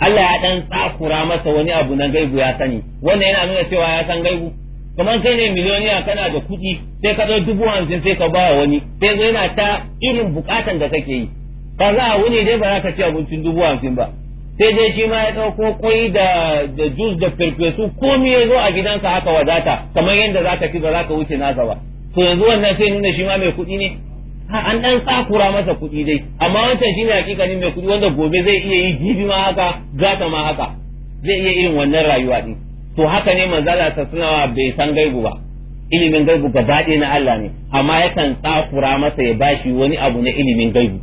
Allah ya dan tsakura masa wani abu na gaibu ya sani wannan yana nuna cewa ya san gaibu kamar sai ne miliyoniya kana da kuɗi sai ka ɗau dubu hamsin sai ka bawa wani sai zai yana ta irin bukatan da kake yi ka za a wuni dai ba za ka ci abincin dubu hamsin ba sai dai shi ma ya ɗauko kwai da da jus da Ko komi ya zo a gidansa haka wadata kamar yadda za ka ci ba za ka wuce nasa ba to yanzu wannan sai nuna shi ma mai kuɗi ne an dan sakura masa kuɗi dai amma wancan shine hakikanin mai kuɗi wanda gobe zai iya yi jibi ma haka gata ma haka zai iya irin wannan rayuwa din to haka ne manzala ta bai san gaibu ba ilimin gaibu gaba na Allah ne amma yakan tsakura masa ya bashi wani abu na ilimin gaibu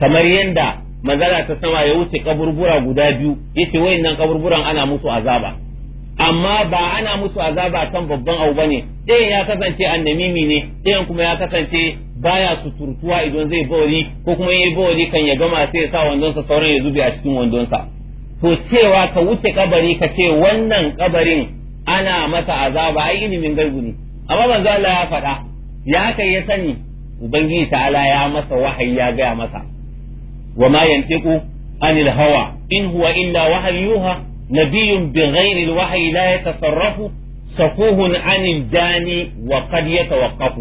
kamar yadda manzala ta sama ya wuce kaburbura guda biyu yace wayannan kaburburan ana musu azaba amma ba ana musu azaba kan babban abu bane ɗayan ya kasance annamimi ne ɗayan kuma ya kasance baya suturtuwa idan zai bawali ko kuma yayi bawali kan ya gama sai ya sa wandonsa sauran ya zube a cikin wandonsa to cewa ka wuce kabari ka ce wannan kabarin ana masa azaba ai ilimin gaibu ne amma manzo Allah ya faɗa ya kai ya sani ubangiji ta'ala ya masa wahayi ya gaya masa wa ma yantiqu anil hawa in huwa illa wahyuha نبي بغير الوحي لا يتصرف سفوه عن الداني وقد يتوقف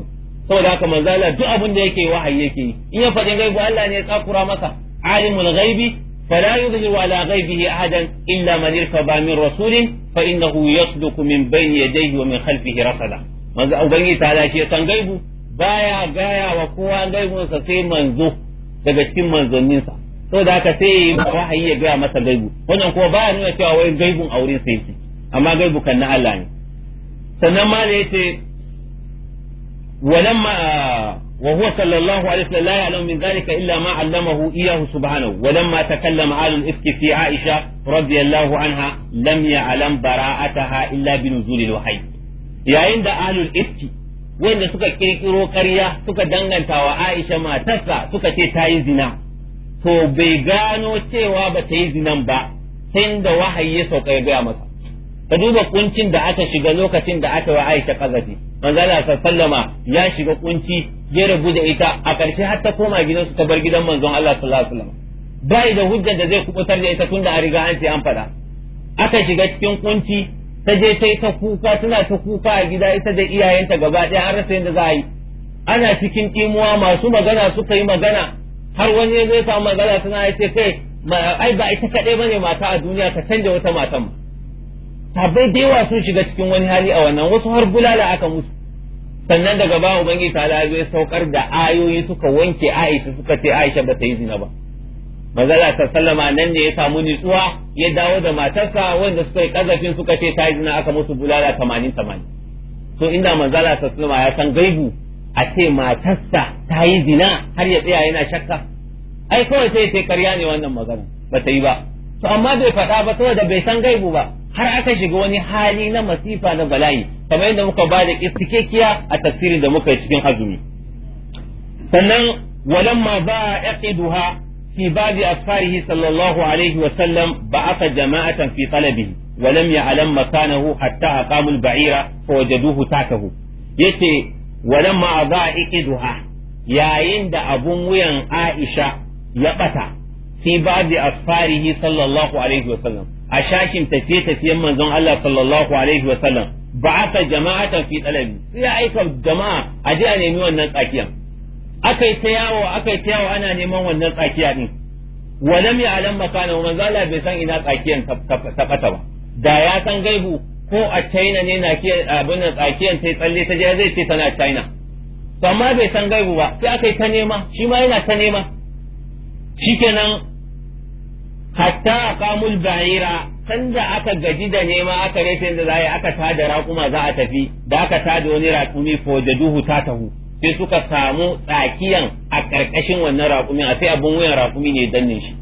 saboda haka manzo Allah duk abin da yake wahayi yake yi in ya faɗin gaibu Allah ne ya tsakura masa alimul ghaibi fala yudhiru ala ghaibihi ahadan illa man irtaba min rasulin fa innahu yasduqu min ya yadayhi wa min khalfihi rasala manzo ubangi ta shi san gaibu baya gaya wa kowa gaibunsa sai manzo daga cikin manzanninsa so da haka sai wahayi ya gaya masa gaibu wannan kuma baya nuna cewa wai gaibun auren sai yake amma gaibu kan na Allah ne sannan ma da yace walamma wa huwa sallallahu alaihi wasallam la ya'lamu min dhalika illa ma 'allamahu iyyahu subhanahu walamma takallama alul ifki fi aisha radiyallahu anha lam ya'lam bara'ataha illa bi nuzulil wahyi yayin da alul ifki wanda suka kirkiro ƙarya suka danganta wa Aisha matarsa suka ce ta yi zina to bai gano cewa ba ta yi zinan ba sai da wahayi ya sauka ya gaya masa ka duba kuncin da aka shiga lokacin da aka wa Aisha kazafi manzo Allah sallama ya shiga kunci ya rabu da ita a ƙarshe har ta koma su ta bar gidan manzon Allah sallallahu alaihi wasallam bai da hujjar da zai kubutar da ita tunda a riga an ce an fada aka shiga cikin kunci ta je ta ta kuka tana ta kuka a gida ita da iyayenta gaba ɗaya an rasa yadda za a yi ana cikin kimuwa masu magana suka yi magana har wani ya zai samu magana tana ya ce kai ai ba ita kaɗai bane mata a duniya ka canja wata matan bai da yawa sun shiga cikin wani hali a wannan wasu har bulala aka musu sannan daga ba ubangiji ta ya saukar da ayoyi suka wanke aisha suka ce aisha ba ta yi zina ba Mazalatar ta sallama nan ne ya samu nutsuwa ya dawo da matarsa wanda suka yi kazafin suka ce ta yi zina aka musu bulala tamanin tamanin to inda manzala ta sallama ya san gaibu a ce matarsa ta yi zina har ya tsaya yana shakka ai kawai sai karya ne wannan magana ba ta yi ba to amma bai faɗa ba saboda bai san gaibu ba har aka shiga wani hali na masifa na bala'i kamar yadda muka ba da istikekiya a tafsirin da muka yi cikin azumi sannan walamma ba yaqiduha fi babi afkarihi sallallahu alaihi wa sallam ba'atha jama'atan fi talabihi ولم يعلم مكانه حتى أقاموا البعيرة فوجدوه تاكه yace walamma za iqduha yayin da abun wuyan Aisha ya bata fi babi asfarihi sallallahu alaihi wa sallam a shakin tafiye tafiyen manzon Allah sallallahu alaihi wa sallam Ba ba'atha jama'atan fi talabi ya aika jama'a a je a nemi wannan tsakiyan akai ta yawo akai ta yawo ana neman wannan tsakiya din walam ya'lam makana manzon Allah bai san ina tsakiyar ta bata ba da ya san gaibu ko a China ne na abin tsakiyar sai tsalle ta je zai ce tana China to amma bai san gaibu ba sai aka yi ta nema shi ma yana ta nema kenan hatta kamul ba'ira sanda aka gaji da nema aka rufe yadda za aka tada raƙuma za a tafi da aka tada wani raƙumi ko da duhu ta tahu sai suka samu tsakiyan a ƙarƙashin wannan raƙumin a sai abin wuyan raƙumi ne danne shi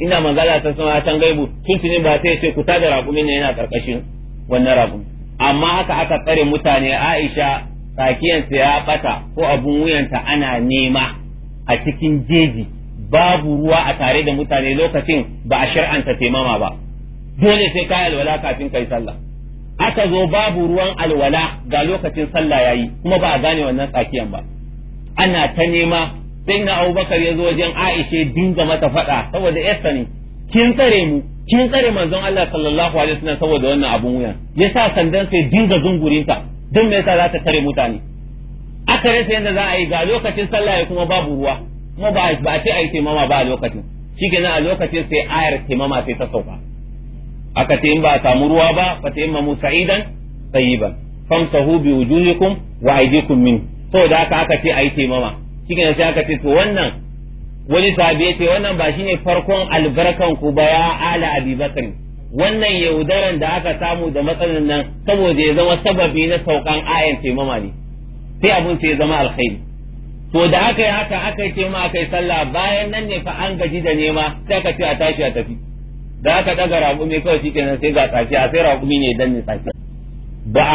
ina magana ta sama ta gaibu tun ba sai ce ku tada raƙumin ne yana ƙarƙashin wannan ragon amma haka aka tsare mutane Aisha tsakiyarsa ya bata ko abun wuyanta ana nema a cikin jeji babu ruwa a tare da mutane lokacin ba a shar'anta taimama ba dole sai ka alwala kafin kai sallah aka zo babu ruwan alwala ga lokacin sallah yayi kuma ba a gane wannan tsakiyan ba ana ta nema sai na Abubakar ya zo wajen Aisha dinga mata faɗa saboda Esther ne kin tsare mu kin tsare manzon Allah sallallahu alaihi wasallam saboda wannan abun wuyan yasa sandan sai dinga zungurinta don me yasa za ta tare mutane aka rasa yanda za a yi ga lokacin sallah kuma babu ruwa kuma ba a ce a yi taimama ba a lokacin shikenan a lokacin sai ayar taimama sai ta sauka aka ce in ba a samu ruwa ba fa taimamu sa'idan tayyiban famsahu bi wujuhikum wa aydikum min saboda haka aka ce a yi taimama shikenan sai aka ce to wannan wani sahabi ya ce wannan ba shine farkon albarkan ku ba ya ala abi bakari wannan yaudaran da aka samu da matsalin nan saboda ya zama sababi na saukan ayan taimama ne sai abun sai ya zama alkhairi to da aka yi haka aka yi ma aka yi sallah bayan nan ne fa an gaji da nema sai ka ce a tashi a tafi da aka daga raƙumi kawai shi kenan sai ga tsafi a sai raƙumi ne dan ne tsafi ba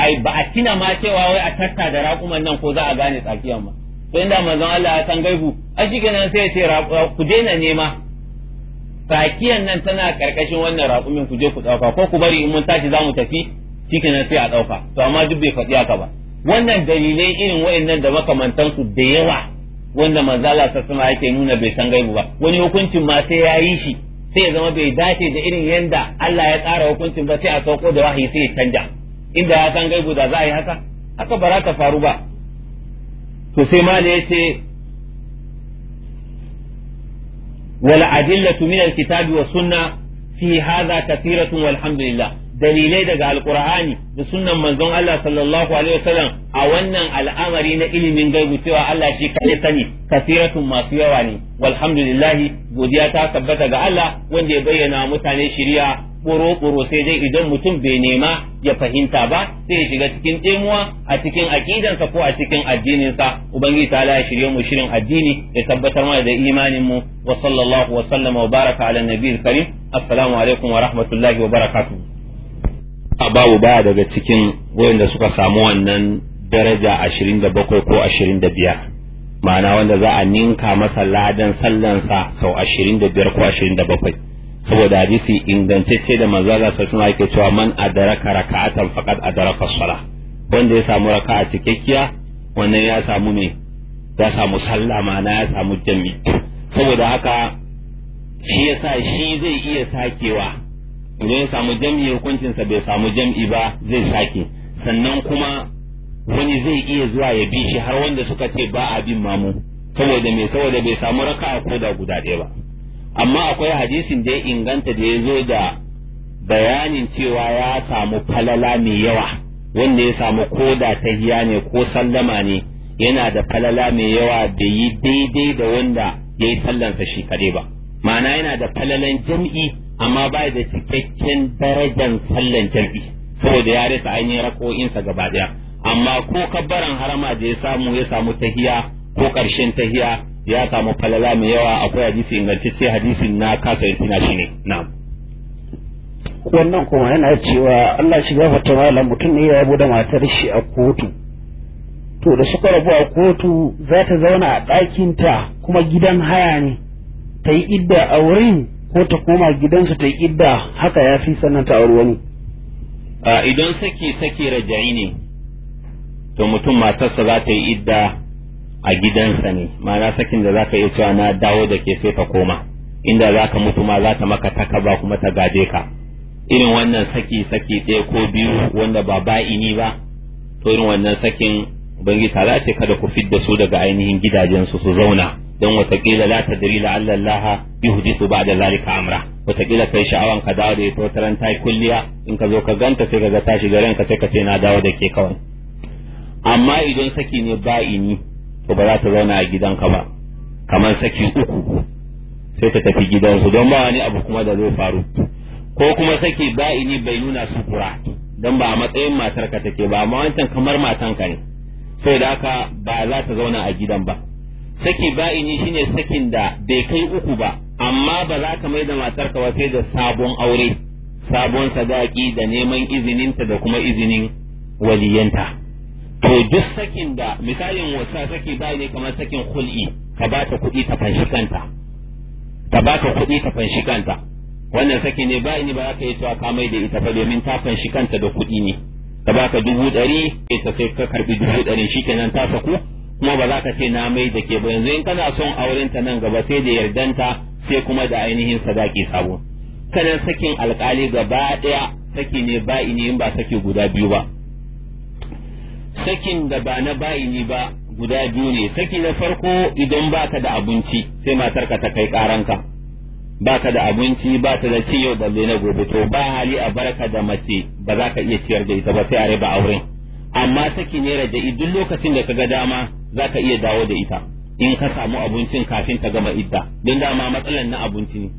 a ba a tina ma cewa wai a tatta da raƙuman nan ko za a gane tsafiyan ba don da manzon Allah ya san gaibu a kenan sai ya ce ku daina nema sakiyan nan tana karkashin wannan raƙumin ku je ku ɗauka ko ku bari in mun tashi za mu tafi kenan sai a ɗauka to amma duk bai faɗi haka ba wannan dalilai irin wa'annan da makamantansu da yawa wanda manzon Allah sassama yake nuna bai san gaibu ba wani hukuncin ma sai ya yi shi sai ya zama bai dace da irin yanda Allah ya tsara hukuncin ba sai a sauko da wahayi sai ya canja inda ya san gaibu da za a yi haka haka ba za ta faru ba to sai ma ya ce wal adillatu min alkitabi wa sunna fi hadha kathiratun walhamdulillah dalilai daga alkur'ani da sunnan manzon Allah sallallahu alaihi wasallam a wannan al'amari na ilimin gaibu cewa Allah shi kaɗai sani kasiratun masu yawa ne walhamdulillahi godiya ta tabbata ga Allah wanda ya bayyana mutane shiriya ƙoro-ƙoro sai dai idan mutum bai nema ya fahimta ba sai ya shiga cikin ɗemuwa a cikin aƙidansa ko a cikin addininsa ubangiji ta ya shirye mu shirin addini ya tabbatar mana da imanin mu wa sallallahu wa sallama wa baraka ala nabiyil karim assalamu alaikum wa rahmatullahi wa barakatuh a babu baya daga cikin wanda suka samu wannan daraja ashirin da bakwai ko ashirin da biyar ma'ana wanda za a ninka masa ladan sallansa sau ashirin da biyar ko ashirin da bakwai saboda hadisi ingantacce da manzala sa suna ke cewa man a adaraka raka'atan a dara sala wanda ya samu raka a cikakkiya wannan ya samu ne ya samu sallah ma'ana ya samu jami'i saboda haka shi yasa shi zai iya sakewa idan ya samu jam'i hukuncinsa bai samu jam'i ba zai sake sannan kuma wani zai iya zuwa ya bi shi har wanda suka ce ba a bin mamu saboda mai saboda bai samu raka'a ko da guda ɗaya ba amma akwai hadisin da ya inganta da ya zo da bayanin cewa ya samu falala mai yawa wanda ya samu koda ta hiya ne ko sallama ne yana da falala mai yawa da yi daidai da wanda ya yi sallansa shi kaɗai ba ma'ana yana da falalan jam'i amma ba da cikakken darajar sallan jami'i saboda ya rasa ainihin rako'insa gaba daya amma ko kabbaran harama da ya samu ya samu tahiya ko karshen tahiya ya samu falala mai yawa akwai hadisi ingantacce hadisin na kasa yantina shi ne na'am wannan kuma yana cewa Allah shi gafarta malam mutum ne ya yabo da matar shi a kotu to da suka rabu a kotu za ta zauna a ɗakinta kuma gidan haya ne ta yi idda a wurin ko ta koma gidansa ta yi idda haka ya fi sannan ta auri wani a idan saki saki rajayi ne to mutum matarsa za ta yi idda a gidansa ne mana sakin da za ka iya cewa na dawo da ke sai ta koma inda za ka mutu ma za ta maka ba kuma ta gaje ka irin wannan saki saki ɗaya ko biyu wanda ba ba'ini ba to irin wannan sakin ubangi tare ce kada ku fidda su daga ainihin gidajensu su zauna don watakila la tadri la alla allaha yuhdisu ba'da zalika amra watakila kai sha'awan ka dawo da ita wataran ta kulliya in ka zo ka ganta sai ka ga tashi shiga ranka sai ka ce na dawo da ke kawai amma idan saki ne ba'ini to ba za ta zauna a gidanka ba kamar saki uku sai ta tafi gidansu don ba wani abu kuma da zai faru ko kuma saki ba'ini bai nuna sukura don ba a matsayin matarka take ba amma wancan kamar matanka ne sai da haka ba za ta zauna a gidan ba saki ba'ini shine sakin da bai kai uku ba amma ba za ka mai da matarka ba sai da sabon aure sabon sadaki da neman izininta da kuma izinin waliyanta to duk sakin da misalin wasa saki bai ne kamar sakin kuli, ka ba ta kuɗi ta fanshi kanta ta ba ta kuɗi ta fanshi kanta wannan saki ne bai ne ba za ka yi cewa ka mai da ita ba domin ta fanshi kanta da kuɗi ne Ka ba ka dubu ɗari ita sai ka karɓi dubu ɗari shikenan ta saku kuma ba za ka ce na mai da ke ba yanzu in kana son auren ta nan gaba sai da yardanta sai kuma da ainihin sadaki sabo kanan sakin alkali gaba daya saki ne ba ba saki guda biyu ba sakin da ba na baini ne ba guda biyu ne saki na farko idan ba ka da abinci sai matar ka ta kai karanka ka da abinci ba ta da ciyo yau balle na gobe to ba hali a barka da mace ba za ka iya ciyar da ita ba sai a ba auren amma take ne raja'i duk lokacin da ka ga dama zaka iya dawo da ita in ka samu abincin kafin ta gama idda don dama matsalan na abinci ne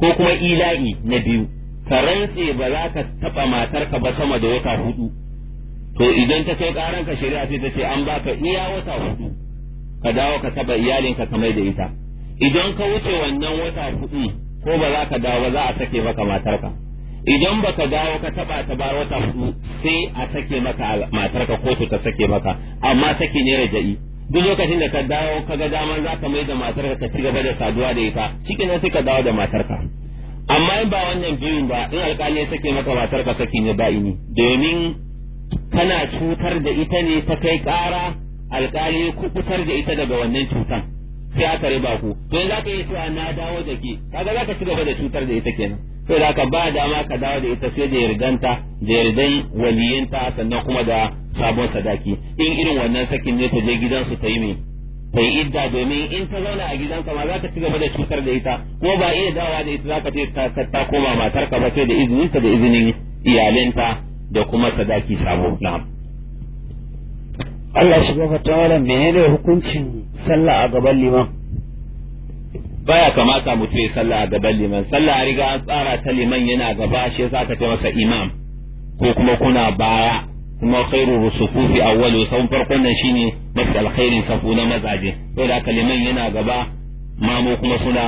ko kuma ila'i na biyu ka rantse ba za ka taba matarka ba sama da wata hudu to idan ta kai ka shari'a sai ta ce an ba ka iya wata hudu ka dawo ka taba iyalinka ka mai da ita idan ka wuce wannan wata hudu ko ba za ka dawo ba za a sake maka matarka idan ba ka dawo ka taba ta ba wata hudu sai a sake maka ka kotu ta sake maka amma sake ne raja'i duk lokacin da ka dawo ka ga daman za ka mai da matar ka ci gaba da saduwa da ita cikin na sai ka dawo da ka amma in ba wannan biyun ba in alƙali ya sake maka ka sake ne ba ini domin kana cutar da ita ne ta kai ƙara alƙali kutar da ita daga wannan cutar. sai aka riba ku to yanzu aka yi cewa na dawo da ke kaga zaka ci gaba da cutar da ita kenan sai da ka ba dama ka dawo da ita sai da yardanta da yardan waliyinta sannan kuma da sabon sadaki in irin wannan sakin ne ta je gidansu ta yi mai ta idda domin in ta zauna a gidanka ma za ka ci gaba da cutar da ita kuma ba iya dawa da ita za ka ce ta koma matarka ba sai da izininta da izinin iyalinta da kuma sadaki sabo na. Allah shi gaba ta menene hukuncin sallah a gaban liman baya kamata mutum ya sallah a gaban liman sallah a riga an tsara ta liman yana gaba shi za ka masa imam ko kuma kuna baya kuma khairu rusufufi awwalu sawun farkon nan shine mafi alkhairin safu na mazaje saboda da liman yana gaba mamo kuma suna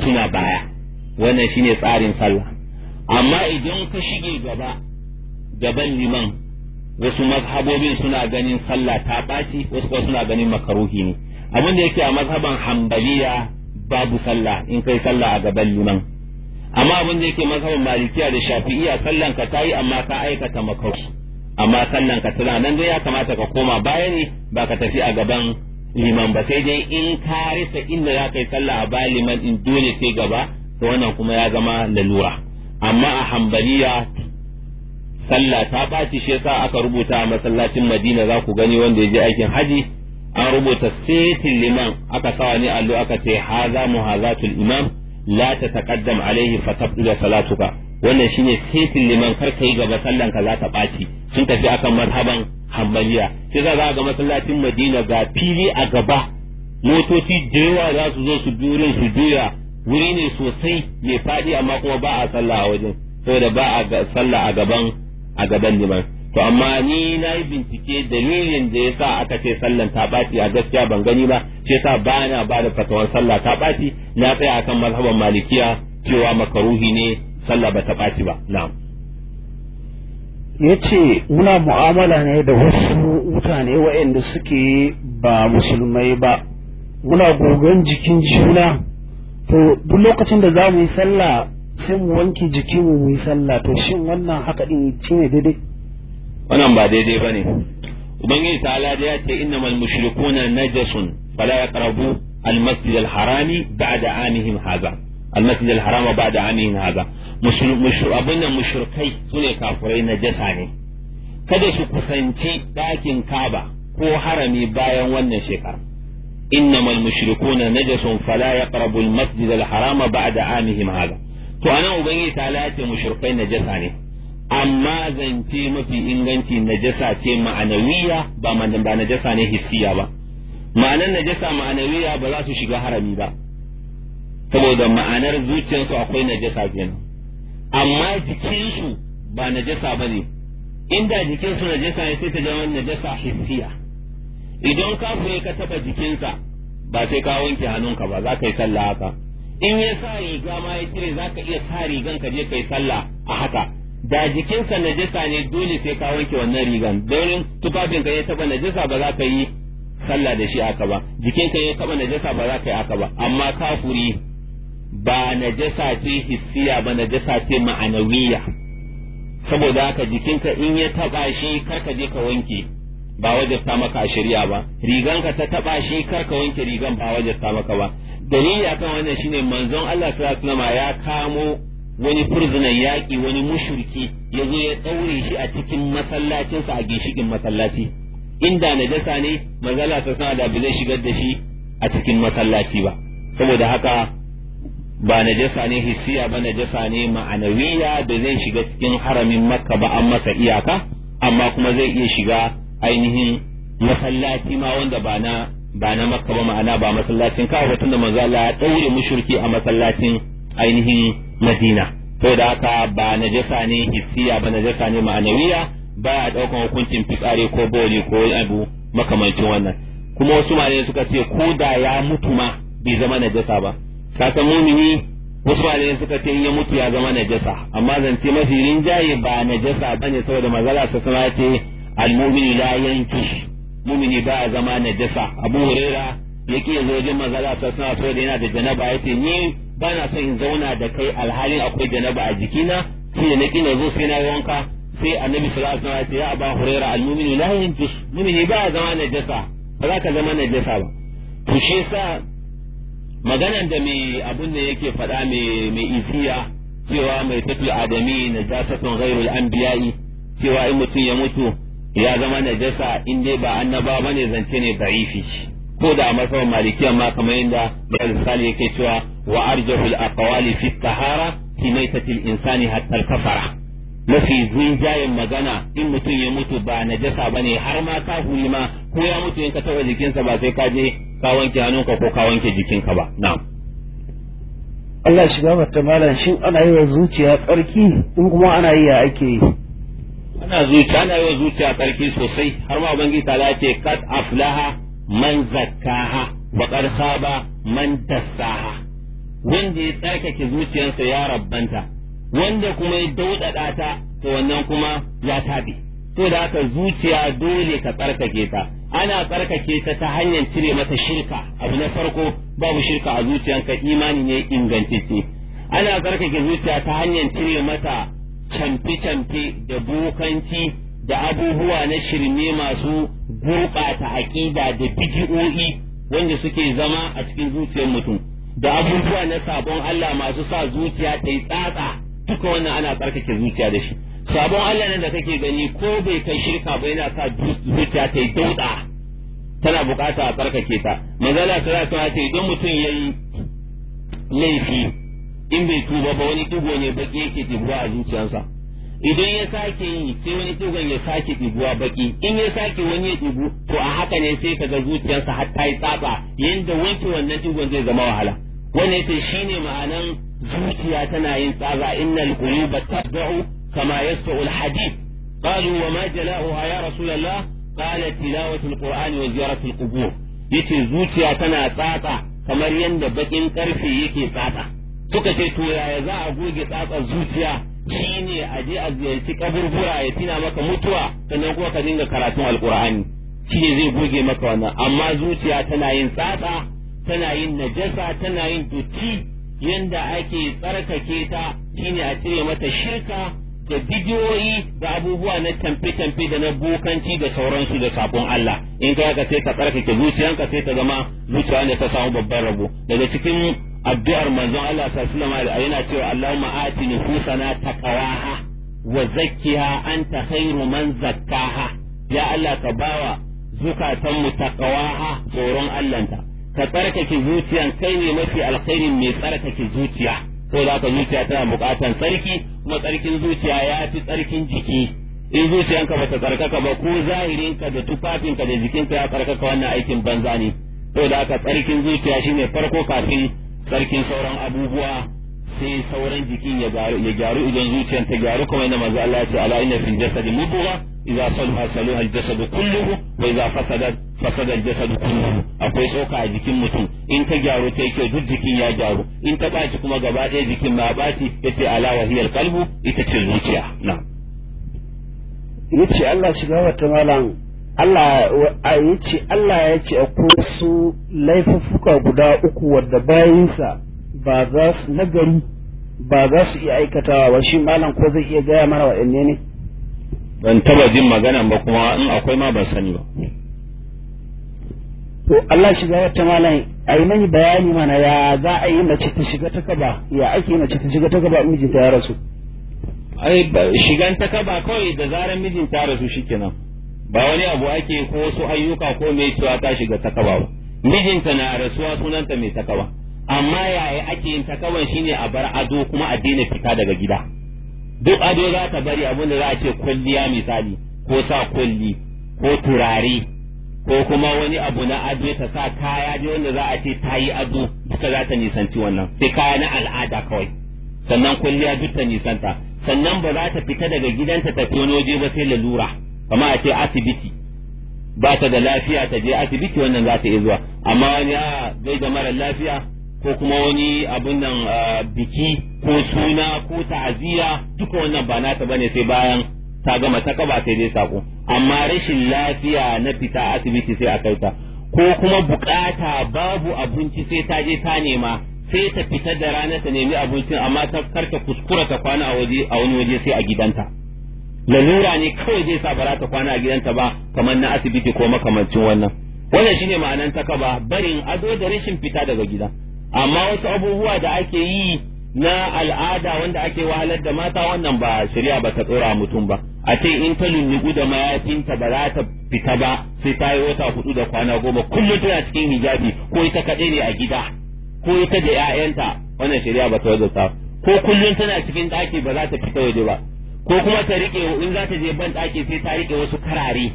suna baya wannan shine tsarin sallah amma idan ka shige gaba gaban liman wasu mazhabobin suna ganin sallah ta ɓaci wasu kuma suna ganin makaruhi ne abin da yake a mazhaban hambaliya babu sallah in kai sallah a gaban liman amma abin da yake mazhaban malikiya da shafi'iya sallan ka tayi amma ka aikata makau amma sallan ka tana nan dai ya kamata ka koma baya ne ba ka tafi a gaban liman ba sai dai in ka rasa inda za ka yi sallah a bayan liman in dole sai gaba to wannan kuma ya zama lalura amma a hambaliya sallah ta ɓaci shi yasa aka rubuta a masallacin madina za ku gani wanda ya je aikin haji an rubuta setin liman aka sawa ne allo aka ce haza muhazatul imam la ta taqaddam alaihi fa tabda salatuka wannan shine setin liman kar kai gaba sallan ka za ta baci sun tafi akan mazhaban hanbaliya sai za ga masallacin madina ga fili a gaba motoci da yawa za su zo su durin su juya wuri ne sosai mai fadi amma kuma ba a sallah a wajen saboda ba a sallah a gaban a gaban liman to amma ni na yi bincike dalilin da ya sa aka ce sallan ta ɓaci a gaskiya ban gani ba ce sa ba na ba da fatawar sallah ta ɓaci na tsaya a kan mazhaban malikiya cewa makaruhi ne sallah ba ta ɓaci ba na'am yace muna mu'amala ne da wasu mutane waɗanda suke ba musulmai ba muna gogon jikin juna to duk lokacin da za mu yi sallah sai mu wanke jikinmu mu yi sallah to shin wannan haka din ne daidai wannan ba daidai ba bane ubangiji ta'ala da ya ce innamal mushrikuna najasun fala yaqrabu المسجد الحرام بعد عامهم هذا المسجد الحرام بعد عامهم haza. abin mushrikai su ne kafurai na jasa ne kada su kusanci ɗakin kaba ko harami bayan wannan shekara innama almushrikuna najasun fala yaqrabu almasjid alharama ba'da amihim haza. to anan ubangiji ta lati mushrikai najasa ne amma zance mafi inganci najasa ce ma'anawiya ba mandan ba najasa ne hissiya ba ma'anar najasa ma'anawiya ba za su shiga harami ba saboda ma'anar zuciyarsu akwai najasa kenan amma jikinsu ba najasa ba ne inda jikinsu najasa ne sai ta zama najasa hissiya idan kuma ka taba jikinsa ba sai ka wanke hannunka ba za ka yi sallah haka in ya sa riga ma ya cire za ka iya sa rigan ka je ka yi sallah a haka da jikinsa najasa ne dole sai ka wanke wannan rigan domin tufafin ka ya taba najasa ba za ka yi sallah da shi aka ba jikinka ya taba najasa ba za ka yi aka ba amma kafuri ba najasa ce hissiya ba najasa ce ma'anawiya saboda haka jikinka in ya taba shi kar ka je ka wanke ba wajabta maka a shari'a ba rigan ka ta taba shi kar ka wanke rigan ba wajabta maka ba dalili akan wannan shine manzon Allah sallallahu alaihi wasallam ya kamo wani furzunan yaƙi wani mushurki ya zo ya ɗaure shi a cikin masallacinsa a gishigin masallaci inda najasa ne mazala ta sana da zai shigar da shi a cikin masallaci ba saboda haka ba najasa ne hissiya ba najasa ne ma'anawiya da zai shiga cikin haramin makka ba an masa iyaka amma kuma zai iya shiga ainihin masallaci ma wanda ba na ba na makka ba ma'ana ba masallacin kawai tunda manzo Allah ya ɗaure mushurki a masallacin ainihin madina to da haka ba na jasa ne hissiya ba na jasa ne ma'anawiya ba ya daukan hukuncin fitsari ko boli ko abu makamancin wannan kuma wasu malamai suka ce ko da ya mutu ma bai zama na jasa ba ka mumini wasu malamai suka ce in ya mutu ya zama na jasa amma zance mafi rinjaye ba na ba ne saboda mazala ta sama ce almumini la yanki. mumini ba a zama na jasa abu huraira yake zojin wajen mazala ta sama saboda yana da janaba ce ni ba na son in zauna da kai alhalin akwai da na ba a jikina sai na kina zo sai na wanka sai annabi sallallahu alaihi wasallam ya aba huraira almu'minu la yanjus mu'mini ba zama jasa ba za ka zama jasa ba to shi yasa maganan da mai abun da yake faɗa mai mai isiya cewa mai tafi adami najasatun ghairul anbiya'i cewa in mutum ya mutu ya zama jasa in dai ba annaba bane zance ne da'ifi ko da a masarar malikiya ma kamar yadda misali yake cewa wa arjahul aqwali fi tahara fi maitatil insani hatta kafara mafi zinjayen magana in mutum ya mutu ba najasa bane har ma kafuri ma ko ya mutu in ka taba jikinsa ba sai ka je ka wanke hannunka ko ka wanke jikinka ba na'am Allah shiga malam shin ana yi wa zuciya tsarki in kuma ana yi ya ake yi ana zuciya ana yi wa zuciya tsarki sosai har ma ubangi ta ce kad aflaha man zakkaha wa qad khaba man dassaha wanda ya tsarkake zuciyarsa ya rabbanta wanda kuma ya daudada ta to wannan kuma ya tabi to da haka zuciya dole ka tsarkake ta ana tsarkake ta ta hanyar cire mata shirka abu na farko babu shirka a zuciyarka imani ne ingantacce ana tsarkake zuciya ta hanyar cire mata camfe-camfe da bokanci da abubuwa na shirme masu gurɓata aƙida da bidi'o'i wanda suke zama a cikin zuciyar mutum da abubuwa na sabon Allah masu sa zuciya ta yi tsatsa duka wannan ana tsarkake zuciya da shi sabon Allah nan da kake gani ko bai kai shirka ba yana sa zuciya ta yi dauda tana bukata a tsarkake ta manzala ta ta ce idan mutum yayi laifi in bai tuba ba wani tugo ne baki yake tibuwa a zuciyarsa idan ya sake yi sai wani tugon ya sake ɗiguwa baki in ya sake wani ya ɗigu to a haka ne sai kaga zuciyarsa har ta yi tsatsa yanda wanke wannan tugon zai zama wahala wani yace shine ma'anan zuciya tana yin tsaga innal quluba tasba'u kama yasba'u al qalu wa ma جلاؤها ya rasulullah ƙurani tilawatu تلاوة wa ziyaratu alqubur yace zuciya tana tsatsa kamar yadda bakin karfe yake tsatsa suka ce to yaya za a goge tsatsa zuciya shine a je a ziyarci kaburbura ya tina maka mutuwa sannan kuma ka dinga karatun alkur'ani shine zai goge maka wannan amma zuciya tana yin tsatsa tana yin najasa tana yin dutti yanda ake tsarkake ta shine a cire mata shirka da bidiyoyi da abubuwa na tamfe-tamfe da na bokanci da sauransu da sabon Allah in ka ka sai ka tsarkake zuciyanka sai ta zama zuciya ne ta samu babban rabo daga cikin addu'ar manzon Allah sallallahu alaihi yana cewa Allahumma ati nufusana taqwaha wa zakkiha anta khairu man zakkaha ya Allah ka bawa zukatan mu taqwaha tsoron Allahnta ka tsarkake zuciya kai ne mafi alkhairi mai tsarkake zuciya ko da ka zuciya tana bukatan tsarki kuma tsarkin zuciya ya fi tsarkin jiki in zuciyanka ta tsarkaka ba ko zahirinka da tufafinka da jikinka ya tsarkaka wannan aikin banza ne ko da ka tsarkin zuciya shine farko kafin tsarkin sauran abubuwa sai sauran jikin ya gyaru idan zuciyan ta gyaru kuma yana manzo Allah ya ce ala inna fil jasadi mudghah إذا saluha saluha الجسد كله وإذا wa فسد الجسد كله al-jasad kulluhu akwai إنت a jikin mutum in ta gyaru ta yake duk jikin ya gyaru in ta baci kuma gaba ɗaya jikin ma baci yace ala wa hiya ce Allah ya ce Allah akwai su laifuffuka guda uku wadda bayinsa ba za su nagari ba za su iya aikatawa ba shi malam ko zai iya gaya mana waɗanne ne ban taba jin maganan ba kuma in akwai ma ban sani ba to Allah shiga wata malam a yi mani bayani mana ya za a yi mace ta shiga ta kaba ya ake mace ta shiga ta kaba mijinta ya rasu ai shigan ta kaba kawai da zaran mijinta ta rasu shikenan ba wani abu ake ko wasu ayyuka ko mai cewa ta shiga ta kaba ba mijinta na rasuwa sunanta mai ta kaba amma yaya ake yin ta kaban shine a bar ado kuma a daina fita daga gida duk ado za ta bari abin da za a ce kwalliya misali ko sa kulli ko turare ko kuma wani abu na ado ta sa kaya ne wanda za a ce ta yi ado duka za ta nisanci wannan sai kaya na al'ada kawai sannan kwalliya duk ta nisanta sannan ba za ta fita daga gidanta ta fi waje ba sai lalura kamar a ce asibiti ba ta da lafiya ta je asibiti wannan za ta iya zuwa amma wani a ah, zai mara lafiya ko kuma wani abu nan biki ko suna ko ta'aziyya duka wannan ba nata bane sai bayan ta gama ta kaba sai dai sako amma rashin lafiya na fita asibiti sai a kai ko kuma bukata babu abinci sai ta je ta nema sai ta fita da rana ta nemi abincin amma ta karta kuskura ta kwana a waje a wani waje sai a gidanta lalura ne kawai zai sa bara ta kwana a gidanta ba kamar na asibiti ko makamancin wannan wannan shine ma'anan kaba barin ado da rashin fita daga gida amma wasu abubuwa da ake yi na al'ada wanda ake wahalar da mata wannan ba shari'a ba ta tsora mutum ba a ce in ta lullubu da mayafinta ba za ta fita ba sai ta yi wata hudu da kwana goma kullum tana cikin hijabi ko ita kaɗai ne a gida ko ita da 'ya'yanta wannan shari'a ba ta ta ko kullum tana cikin ɗaki ba za ta fita waje ba ko kuma ta riƙe in za ta je ban ɗaki sai ta riƙe wasu karare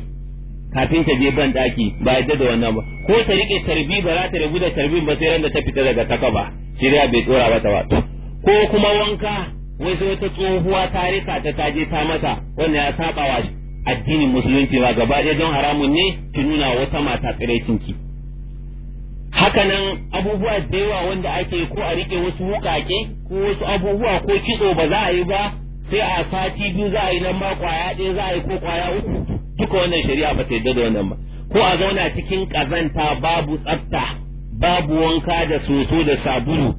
kafin ta je ban daki ba yadda da wannan ba ko ta rike tarbi ba za ta rabu da tarbin ba sai ran da ta fita daga taka ba shirya bai tsora mata ba ko kuma wanka wai sai wata tsohuwa ta rika ta ta je ta mata wannan ya saba wa addinin musulunci ba gaba ɗaya don haramun ne ki nuna wata mata tsiraicin ki hakanan abubuwa da yawa wanda ake ko a rike wasu wukake ko wasu abubuwa ko kitso ba za a yi ba sai a sati biyu za a yi nan ba kwaya ɗaya za a yi ko kwaya uku duka wannan shari'a ba ta yadda da wannan ba ko a zauna cikin kazanta babu tsafta babu wanka da soso da sabulu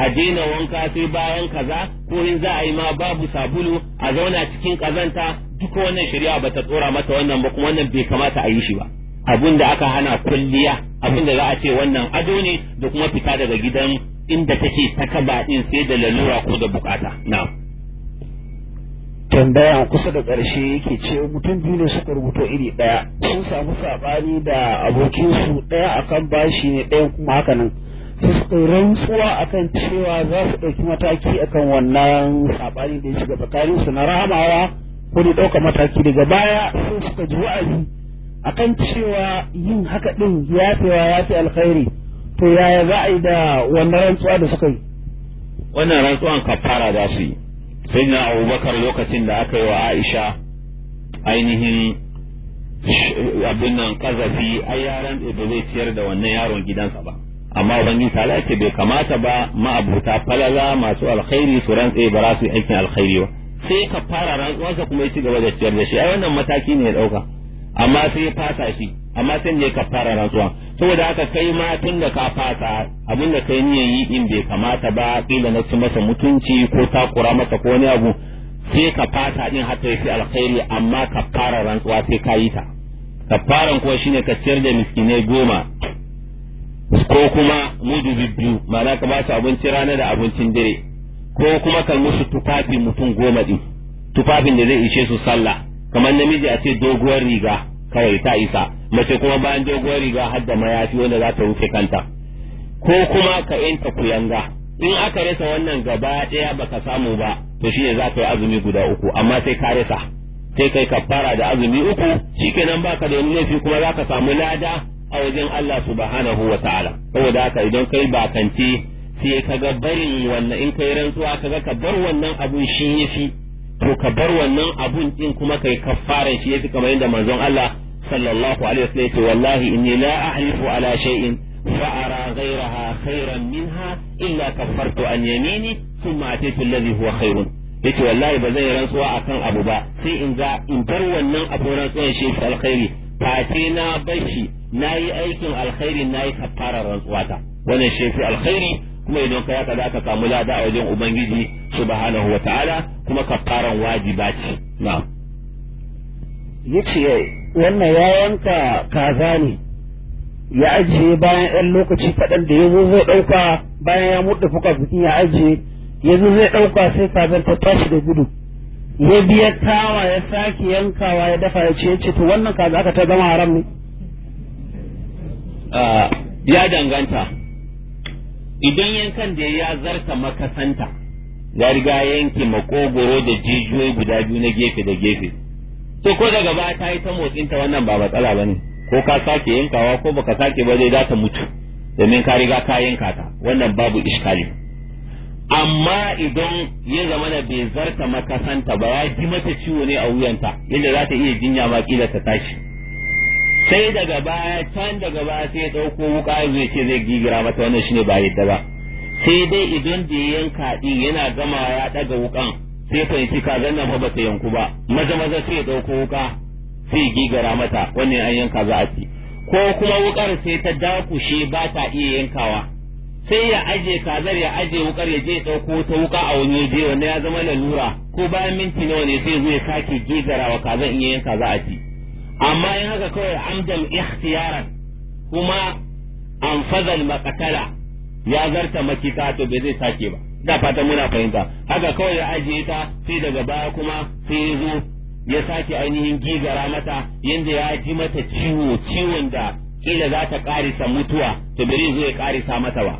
a daina wanka sai bayan kaza ko in za a yi ma babu sabulu a zauna cikin kazanta duka wannan shari'a ba ta tsora mata wannan ba kuma wannan bai kamata a yi shi ba abin da aka hana kulliya Abun da za a ce wannan ado ne da kuma fita daga gidan inda take ta kaba din sai da lalura ko da bukata na'am tambaya kusa da ƙarshe yake ce mutum biyu ne suka rubuta iri ɗaya sun samu saɓani da abokinsu ɗaya akan bashi ne ɗayan kuma haka nan sai suka rantsuwa akan cewa za su ɗauki mataki akan wannan saɓani da ya shiga tsakaninsu na ramawa ko da ɗauka mataki daga baya sai suka ji wa'azi akan cewa yin haka ɗin ya fi ya fi alkhairi to yaya za a yi da wannan rantsuwa da suka yi wannan rantsuwan kafara za su yi sai na abubakar lokacin da aka yi wa aisha ainihin abin nan kazafi a yaran da zai ciyar da wannan yaron gidansa ba amma ubangiji ta lafi bai kamata ba ma'abuta falala masu alkhairi su rantse ba za su yi aikin alkhairi ba sai ka fara rantsuwarsa kuma ya ci gaba da ciyar da shi ai wannan mataki ne ya dauka amma sai ya fasa shi amma sai ne ka fara rantsuwa saboda haka kai ma tun da ka fata abin da kai niyan yi din bai kamata ba kila na ci masa mutunci ko takura masa ko wani abu sai ka fata din hatta ya fi alkhairi amma ka fara rantsuwa sai ka yi ta ka fara kuwa shine ka ciyar da miskinai goma ko kuma mudu ma'ana ka ba su abinci rana da abincin dare ko kuma ka musu tufafin mutum goma din tufafin da zai ishe su sallah kamar namiji a ce doguwar riga kawai ta isa mace kuma bayan doguwar riga har da mayafi wanda za ta rufe kanta ko kuma ka ku kuyanga in aka rasa wannan gaba ɗaya baka samu ba to shine za ka yi azumi guda uku amma sai ka rasa sai kai kafara da azumi uku shikenan baka da wani laifi kuma za ka samu lada a wajen Allah subhanahu wa ta'ala saboda haka idan kai bakanci sai ka ga barin wannan in kai rantsuwa ka ga ka bar wannan abun shi yafi to ka bar wannan abun din kuma kai kafaran shi yafi kamar yadda manzon Allah sallallahu alaihi wasallam yace wallahi inni la ahlifu ala shay'in فأرى غيرها illa منها إلا كفرت عن يميني ثم أتيت الذي هو خير yace wallahi ba zai rantsuwa akan abu ba sai in ga in bar wannan abu rantsuwan shi fi alkhairi fate na bashi na yi aikin alkhairi na yi kafara rantsuwa ta wannan shi fi alkhairi kuma idan ka yaka za ka samu lada a wajen ubangiji subhanahu wa ta'ala kuma kafaran wajiba ce na yace wannan ya yanka kaza ne ya ajiye bayan ɗan lokaci kaɗan da ya zo zai ɗauka bayan ya muɗe fuka bikin ya ajiye ya zo zai ɗauka sai kazar ta tashi da gudu ya biya tawa ya sake yankawa ya dafa ya ce ya ce to wannan kaza aka ta zama haram ne ya danganta idan yankan da ya zarta makasanta ya riga yanke makogoro da jijiyoyi guda biyu na gefe da gefe to ko daga baya ta yi ta motsin wannan ba matsala ba ne ko ka sake yankawa ko baka sake ba zai za ta mutu domin ka riga ka yanka ta wannan babu iskali amma idan ya zama da bai zarta makasanta ba ya ji mata ciwo ne a wuyanta yadda za ta iya jinya ma kila ta tashi sai daga baya can daga baya sai ya ɗauko wuka zai ce zai gigira mata wannan shine ba yadda ba sai dai idan da yanka din yana gama ya ɗaga wukan sai fahimci kazan nan fa ba ta yanku ba maza maza sai ya ɗauko wuka sai gigara mata wannan an yanka za a ci ko kuma wukar sai ta dakushe ba ta iya yankawa sai ya aje kazar ya aje wukar ya je ɗauko ta wuka a wani waje wanda ya zama lalura ko bayan minti nawa ne sai zai sake gigara wa kazan in yanka za a ci amma in haka kawai amdal ikhtiyaran kuma an fadal makatala ya zarta makita to bai zai sake ba da fatan muna fahimta haka kawai ya ajiye ta sai daga baya kuma sai ya zo ya sake ainihin gigara mata yadda ya ji mata ciwo ciwon da kila za ta karisa mutuwa to bari zo ya karisa mata ba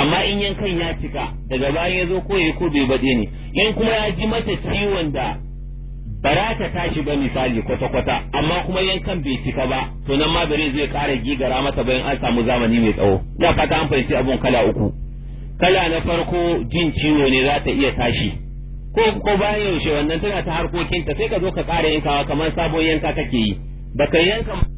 amma in yankan ya cika daga bayan ya zo ko ya ko bai bade ne in kuma ya ji mata ciwon da bara ta tashi ba misali kwata-kwata amma kuma yankan bai cika ba to nan ma bari zai kara gigara mata bayan an samu zamani mai tsawo da fata an fahimci abun kala uku kala na farko jin ciwo ne za ta iya tashi ko ko bayan yaushe wannan tana ta harkokinta sai ka zo ka ƙara yankawa kamar sabon yanka kake yi baka yanka